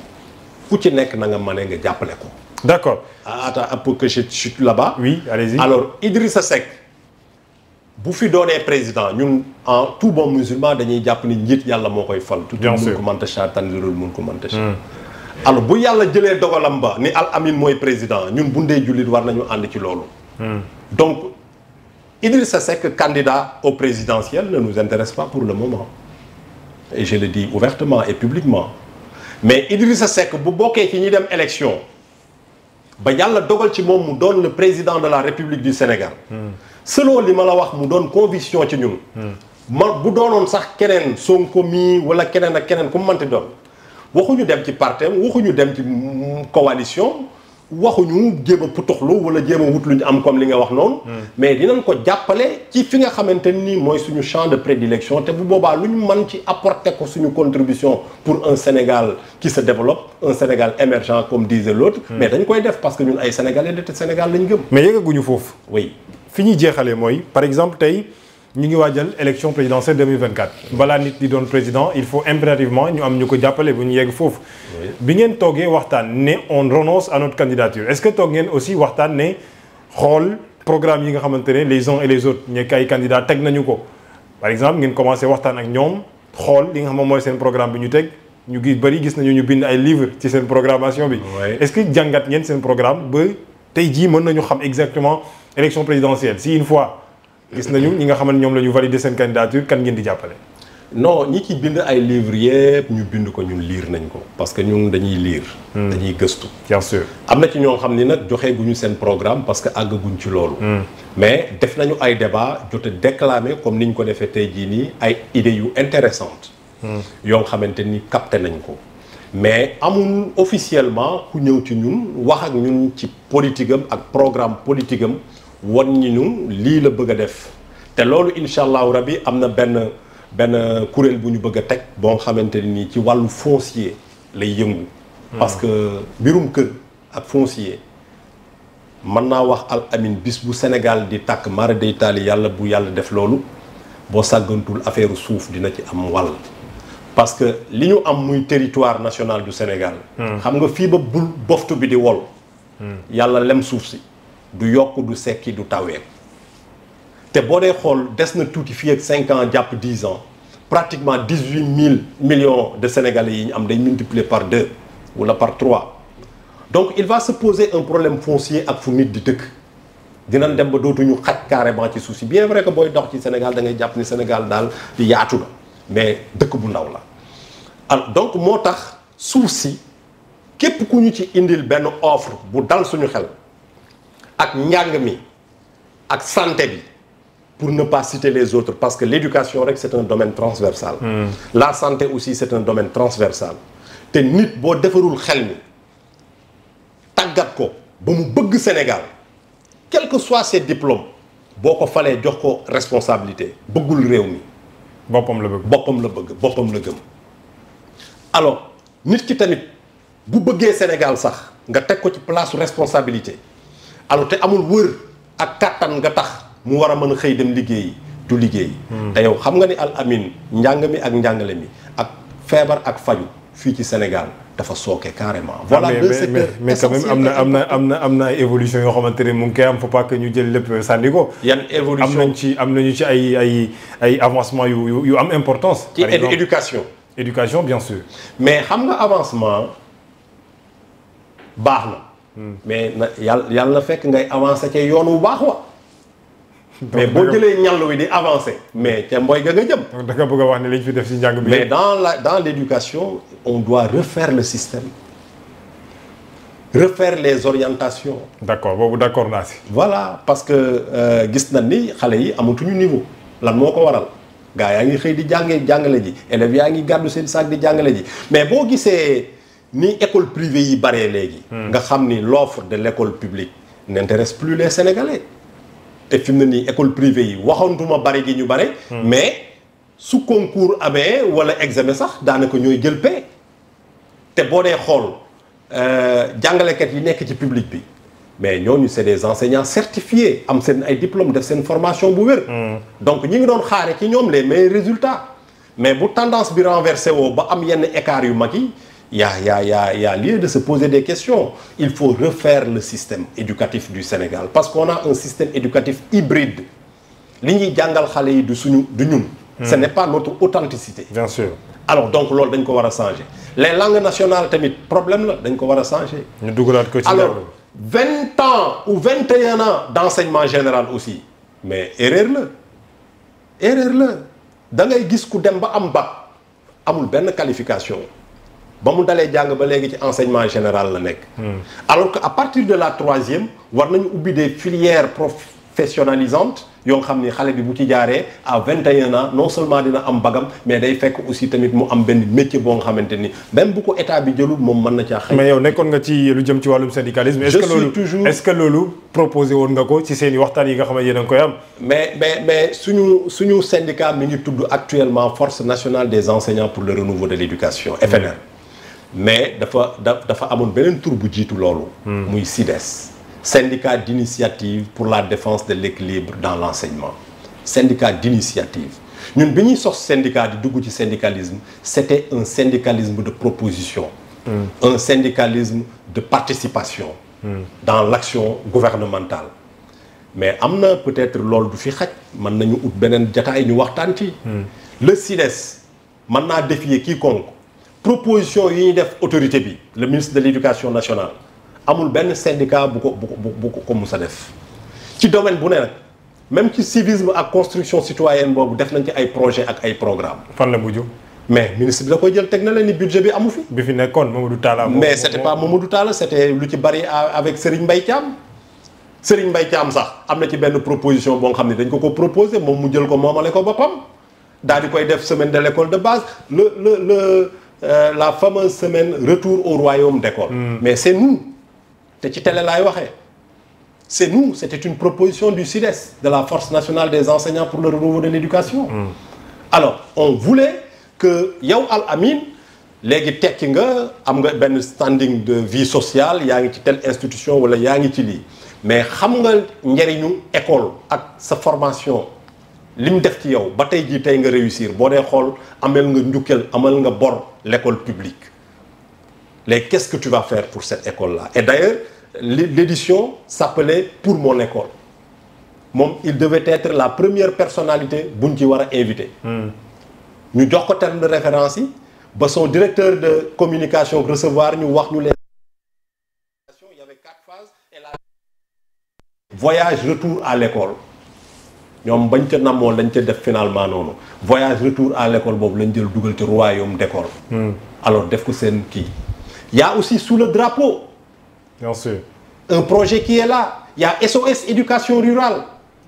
ku ci nekk na nga mën nga jàppale ko. D'accord. Ah, attends, pour que je chute là ba Oui, allez-y. Alors, Idrissa Seck, bu fi doonee président ñun en tout bon musulman dañuy jàpp ni njiit yàlla moo koy fal. tout mun ko mënta seytaane loolu mun ko mënta seytaane. alors bu yàlla jëlee dogalam ba ni al amin mooy président ñun bu ndee jullit war nañu ànd ci loolu. Hmm. donc Idrissa Seck candidat au présidentiel ne nous intéresse pas pour le moment. et je le di ouvertement et publiquement mais Idrissa Seck bu bokkee ci ñi dem élection. ba yàlla dogal ci moom mu doon le président de la république du Sénégal. selon li ma la wax mu doon conviction ci ñun. ma bu doonoon sax keneen Sonko mii wala keneen ak keneen ku mu doon waxuñu dem ci partem waxuñu dem ci coalition. waxuñu jéem a putuxlu wala jéem a wut lu ñu am comme li nga wax noonu. Hmm. mais dina dinañ ko jàppale ci fi nga xamante ni mooy suñu champ de prédilection te bu boobaa lu ñu mën ci apporter ko suñu contribution pour un Sénégal qui sa développe un Sénégal émergent comme disait l'autre hmm. mais dañ koy def parce que ñun ay sénégalais de Sénégal lañ gëm. mais yëgaguñu foofu. oui fi ñu jeexalee mooy par exemple tey. ñu ngi waajal élection présidentielle 2024 balaa nit di doon président il faut impérativement ñu am ñu ko jàppale bu ñu yegg foofu bi ngeen toogee waxtaan ne on renonce à notre candidature est-ce que toog ngeen aussi waxtaan ne xool programme yi nga xamante ne les uns et les autres ñekk ay candidats teg nañu ko par exemple ngeen commencé waxtaan ak ñoom xool li nga xam mooy seen programme bi ñu teg ñu gis bëri gis nañu ñu bind ay livre ci seen programmation bi est-ce que jàngat ngeen seen programme ba tey jii mën nañu xam exactement élection présidentielle si une gis nañu ñi nga xam ne ñoom lañu ñu validé seen candidature kan ngeen di jàppale. non ñi ci bind ay livres yëpp ñu bind ko ñun liir nañ ko parce que ñun dañuy liir. Hmm. dañuy gëstu. bien am na ci ñoo xam ni nag joxe guñu seen programme parce que àggaguñ ci loolu. Hmm. mais def nañu ay débat jot a déclamé comme ni ñu ko defee tey jii nii ay idées yu intéressante hmm. yoo nga xamante ni capté nañ ko. mais amul officiellement ku ñëw ci ñun wax ak ñun ci politique am ak programme politique am. wan ñi ñu lii la bëgg a def te loolu incha allahu rabi am na benn benn kuréel bu ñu bëgg a teg boo xamante nii ci wàllu foncier lay yëngu. Hmm. parce que mbirum kër ak foncier mën naa wax al amin bis bu Sénégal di takk mara day taali yàlla bu yàlla def loolu boo sàggantul affaire suuf dina ci am wàll. parce que li ñu am muy territoire national du Sénégal. Hmm. xam nga fii ba bul boftu bi di wol. Hmm. yàlla lem suuf si. du yokk du sekki du tawee te boo dee xool des na tuuti fii ak cinq ans jàpp dix ans pratiquement dix huit mille millions de sénégalais yi ñu am day multiplier par deux wala par trois donc il va se poser un problème foncier ak fu nit di dëkk dinañ dem ba dootuñu xaj carrément ci suuf si bien vrai que booy dox ci Sénégal dangay jàpp ni Sénégal daal yaatu la mais dëkk bu ndaw la alors donc moo tax suuf si képp ku ñu ci indil benn offre bu dal suñu xel. ak njàng mi ak santé bi pour ne pas citer les autres parce que l'éducation rek c'est un domaine transversal hmm. la santé aussi c'est un domaine transversal te nit boo defarul xel mi tàggat ko ba mu bëgg Sénégal quel que soit ses diplômes boo ko falee jox ko responsabilité bëggul réew mi boppam la bëgg boppam la bëgg boppam la gëm alors nit ki tamit bu bëggee Sénégal sax nga teg ko ci place responsabilité alors te amul wër ak kàttan nga tax mu war a mën a xëy dem liggéey du liggéey hmm. te yow xam nga ni al amin njàng mi ak njàngale mi ak feebar ak faju fii ci Sénégal dafa sooke carrément. Ah, voilà mais, deux secteurs am na am na am na am na ay évolution yoo xamante ne mu ngi koy am faut que ñu jël lépp sànni ko. yan évolution am nañ ci am nañu ci ay ay ay avancement yu yu am importance. par exemple ci éducation. éducation bien sûr. mais xam nga avancement baax na. mais na yàlla yàlla na fekk ngay avancé ce yoon wu baax wa mais boo jëlee ñàll wi di avancer mais ca mboy ga nga jëm. donc da bëgg a wax ne li ñu fi def si njàng bi. mais dans la dans l'éducation on doit refaire le système refaire les orientations. d'accord boobu d'accord naa si. voilà parce que euh, gis na ni xale yi amatuñu niveau lan moo ko waral gaa yaa ngi xëy di jàngee jàngale ji élèves yaa ngi gàddu seen sac di jàngale ji mais boo gisee. ni école privée yi baree léegi. Hmm. nga xam ni l'offre de l'école publique n'intéresse plus les Sénégalais. te fi mu ne nii école privée yi waxantuma bari gi ñu bare. Hmm. mais su concours amee wala examen sax daanaka ñooy jël paie. te boo dee xool euh, jàngalekat yi nekk ci public bi mais ñooñu c'est des enseignants certifiés am seen ay diplômes def seen formation bu wér. Hmm. donc ñi ngi doon xaare ci ñoom lee meilleurs résultat mais bu tendance bi renversé woo ba am yenn écart yu mag yi. il ya a, y, a, lieu de se poser des questions. Il faut refaire le système éducatif du Sénégal parce qu'on a un système éducatif hybride. li ñuy jàngal xale yi du suñu du ñun. Hmm. ce n'est pas notre authenticité. bien sûr alors donc loolu dañ ko war a changer. les langues nationales tamit problème la dañ ko war a changer. ñu dugalaat ko ci alors vingt ans ou vingt et un ans d'enseignement général aussi mais erreur la erreur la da ngay gis ku dem ba am bac amul benn qualification. ba mu dalee jàng ba léegi ci enseignement général la nekk. Hmm. alors que à partir de la troisième war nañu ubbi des filières professionnalisantes yoo xam ni xale bi bu ci jaaree à 21 ans non seulement dina am bagam mais day fekk aussi tamit mu am benn métier boo nga xamante ni même bu ko état bi jëlul moom mën na caa xëy. mais yow nekkoon nga ci lu jëm ci wàllum syndicalisme. est-ce que loolu toujours est-ce que loolu proposé woon nga ko ci seen yi nga xam ne yéen a ngi koy am. mais mais mais mi ngi tudd actuellement force nationale des enseignants pour le renouveau de l'éducation FNR. mais dafa dafa amoon beneen tur bu jiitu loolu. Hmm. muy SIDES. syndicat d'initiative pour la défense de l'équilibre dans l'enseignement syndicat d'initiative ñun bi ñuy sos syndicat di dugg ci syndicalisme c'était un syndicalisme de proposition. Hmm. un syndicalisme de participation. Hmm. dans l'action gouvernementale. mais am na peut-être loolu du fi xaj mën nañu ut beneen jataay ñu waxtaan ci. le SIDES mën naa défier quiconque proposition yi ñu def autorité bi le ministre de l'éducation nationale amul benn syndicat bu ko bu ko bu ko ko mus a def ci domaine bu nee nag même ci civisme ak construction citoyenne boobu def nañ ci ay projet ak ay programme fan la mujj mais ministre bi da koy jël teg na leen ni budget bi amu fi. bi fi nekkoon Mamadou Talla. mais c'était pas Mamadou Talla c'était lu ci bari avec Serigne Mbaye Thiam. Serigne Mbaye Thiam sax am na ci benn proposition boo xam ne dañ ko ko proposé moom mu jël ko moomale ko boppam daal di koy def semaine de l'école de base euh, la fameuse semaine retour au royaume d'école hmm. mais c'est nous te ci tele laay waxee c'est nous c'était une proposition du SIDES de la force nationale des enseignants pour le renouveau de l'éducation mm. on voulait que yow Al Amine léegi tekki nga am nga benn standing de vie sociale yaa ngi ci telle institution wala yaa ngi ci lii mais xam nga njëriñu école ak sa formation li mu def ci yow ba tey jii tey nga réussir boo dee xool amel nga njukkel amal nga bor l'école publique léegi quest que tu vas faire pour cette école-là et d'ailleurs l'édition s'appelait pour mon école moom il devait être la première personnalité buñ ci war a invité hmm. ñu jox ko terme de référence yi ba son directeur de communication recevoir ñu wax ñu leen il y quatre phases et la voyage retour à l'école ñoom bañ ca namoon lañ ca def finalement noonu voyage retour à l'école boobu lañ jël dugal ci royaume d'école hmm. alors def ko seen kii yaa aussi sous le drapeau bien un projet ki est là y a SOS éducation rurale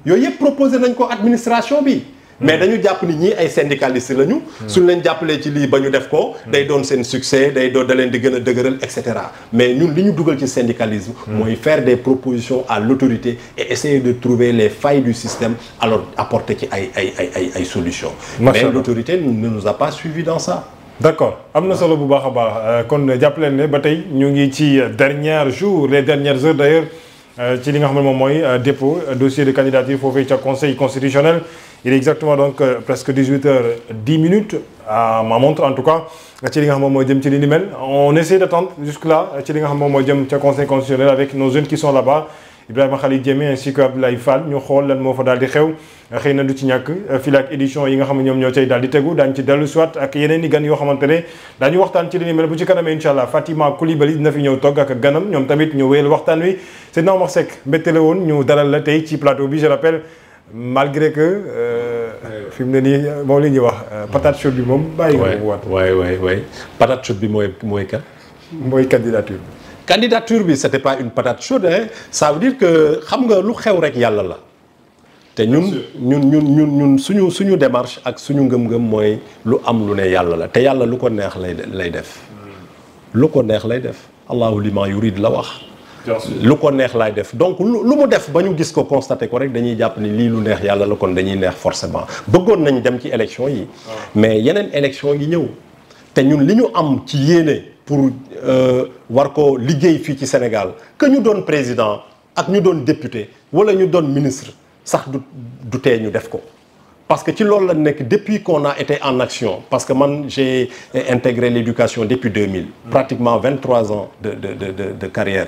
yooyu yëpp proposé nañ ko administration bi mais dañu jàpp ni ñii ay syndicalistes lañu. suñ leen jàppalee ci lii ba ñu def ko. day doon seen succès day doon da leen di gën a dëgëral et cetera mais ñun li ñu dugal ci syndicalisme. mooy faire des propositions à l'autorité et essayer de trouver les failles du système alors apporter ci ay ay ay ay ay solutions. mais l'autorité ne nous a pas suivi dans ça. d'accord am na solo bu baax a baax euh, kon jàpp leen ne ba tey ñu ngi ci dernier jour les dernières heures d'ailleurs. Euh, ci li nga xam ne moom mooy euh, dépôt euh, dossier de candidature foofee ca conseil constitutionnel il est exactement donc presque 18 heures 10 minutes à montre en tout cas ci li nga xam moom mooy jëm ci li ni on essaie d'attendre jusque là ci li nga xam moom mooy jëm ca conseil constitutionnel avec nos jeunes qui sont là-bas Ibrahima Khalil Diémé ainsi que Abdoulaye Fall ñu xool lan moo fa daal di xew xëy na du ci ñàkk fii ak édition yi nga xam ne ñoom ñoo cay daal di tegu daañu ci dellu soit ak yeneen ni gan yoo xamante ne daañu waxtaan ci li ni mel bu ci kanamee incha allah Fatima Koulibaly dina fi ñëw togg ak ganam ñoom tamit ñu wéyal waxtaan wi Seydina Omar Seck mbette la woon ñu dalal la tey ci plateau bi je rappelle malgré que euh, fi mu ne nii moom li ñu wax euh, patate chaude bi moom bàyyi nga waat waay waay waay patate chaude bi mooy mooy kan mooy candidature bi candidature bi c'était pas une patate chaude hein ça veut dire que xam nga lu xew rek yàlla la te ñun ñun ñun ñun ñun suñu suñu démarche ak suñu ngëm-ngëm mooy lu am lu ne yàlla la te yàlla lu ko neex lay lay def hmm. lu ko neex lay def allahu liman yurid la wax lu ko neex laay def donc lu mu def ba ñu gis ko constaté ko rek dañuy jàpp ni lii lu neex yàlla la kon dañuy neex forcément bëggoon nañ dem ci élection yi ah. mais yeneen élection yi ñëw te ñun li ñu am ci yéene pour euh, war ko liggéey fii ci Sénégal que ñu doon président ak ñu doon député wala ñu doon ministre sax du du ñu def ko parce que ci loolu la nekk depuis qu'on a été en action parce que man j'ai intégré l'éducation depuis 2000 pratiquement 23 ans de de de de, carrière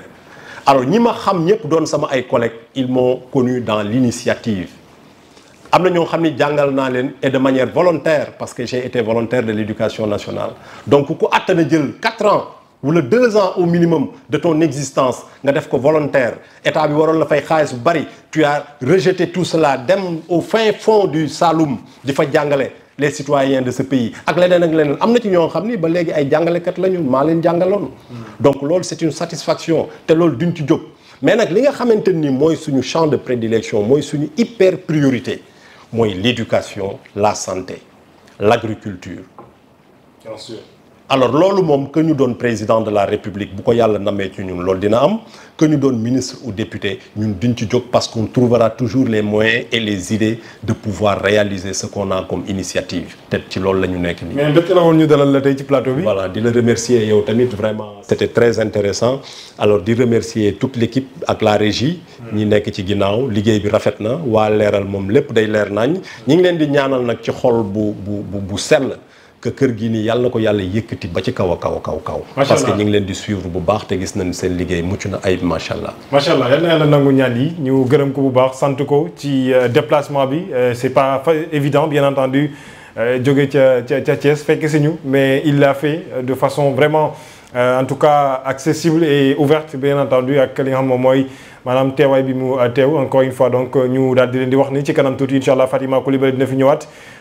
alors ñi ma xam ñëpp doon sama ay collègues ils m'ont connu dans l'initiative am na ñoo xam ni jàngal naa leen et de manière volontaire parce que j'ai été volontaire de l'éducation nationale donc ku àttana jël quatre ans wala deux ans au minimum de ton existence nga def ko volontaire état bi waroon la fay xaalis bu bari tu as rejeté tout cela dem au fin fond du Saloum di fa jàngale les citoyens de ce pays ak leneen ak leneen am na ci ñoo xam ni ba léegi ay jàngalekat lañu maa leen jàngaloon. donc loolu c'est une satisfaction te loolu duñ ci jóg mais nag li nga xamante ni mooy suñu champ de prédilection mooy suñu hyper priorité. mooy l'éducation la santé l'agriculture bien sûr alors loolu moom que ñu doon président de la république bu ko yàlla namee ci ñun loolu dina am que ñu doon ministre ou député ñun duñ ci jog parce qu'on trouvera toujours les moyens et les idées de pouvoir réaliser ce qu'on a comme initiative te ci loolu la ñu nekk nii. mais dëkk la woon ñu dalal la tey ci plateau bi. voilà di la remercier yow tamit vraiment. c'était très intéressant alors di remercier toute l'équipe ak la régie. ñi nekk ci ginnaaw liggéey bi rafet na waa leeral moom lépp day leer nañ. ñi ngi leen di ñaanal nag ci xol bu bu bu sell. que kër gi nii yàlla na ko yàlla yëkkati ba ci kaw a kaw kaw kaw parce que ñu ngi leen di suivre bu baax te gis nañ seen liggéey mucc na ay macha allah macha allah yal na nangu ñaan yi ñu gërëm ko bu baax sant ko ci euh, déplacement bi euh, c'est pas évident bien entendu euh, jóge ca ca ca Thiès fekk si ñu mais il l'a fait de façon vraiment en tout cas accessible et ouverte bien entendu ak li nga xam mooy maanaam teewaay bi mu teew encore une fois donc ñu daal di leen di ni ci kanam tuuti incha allah fi ñëwaat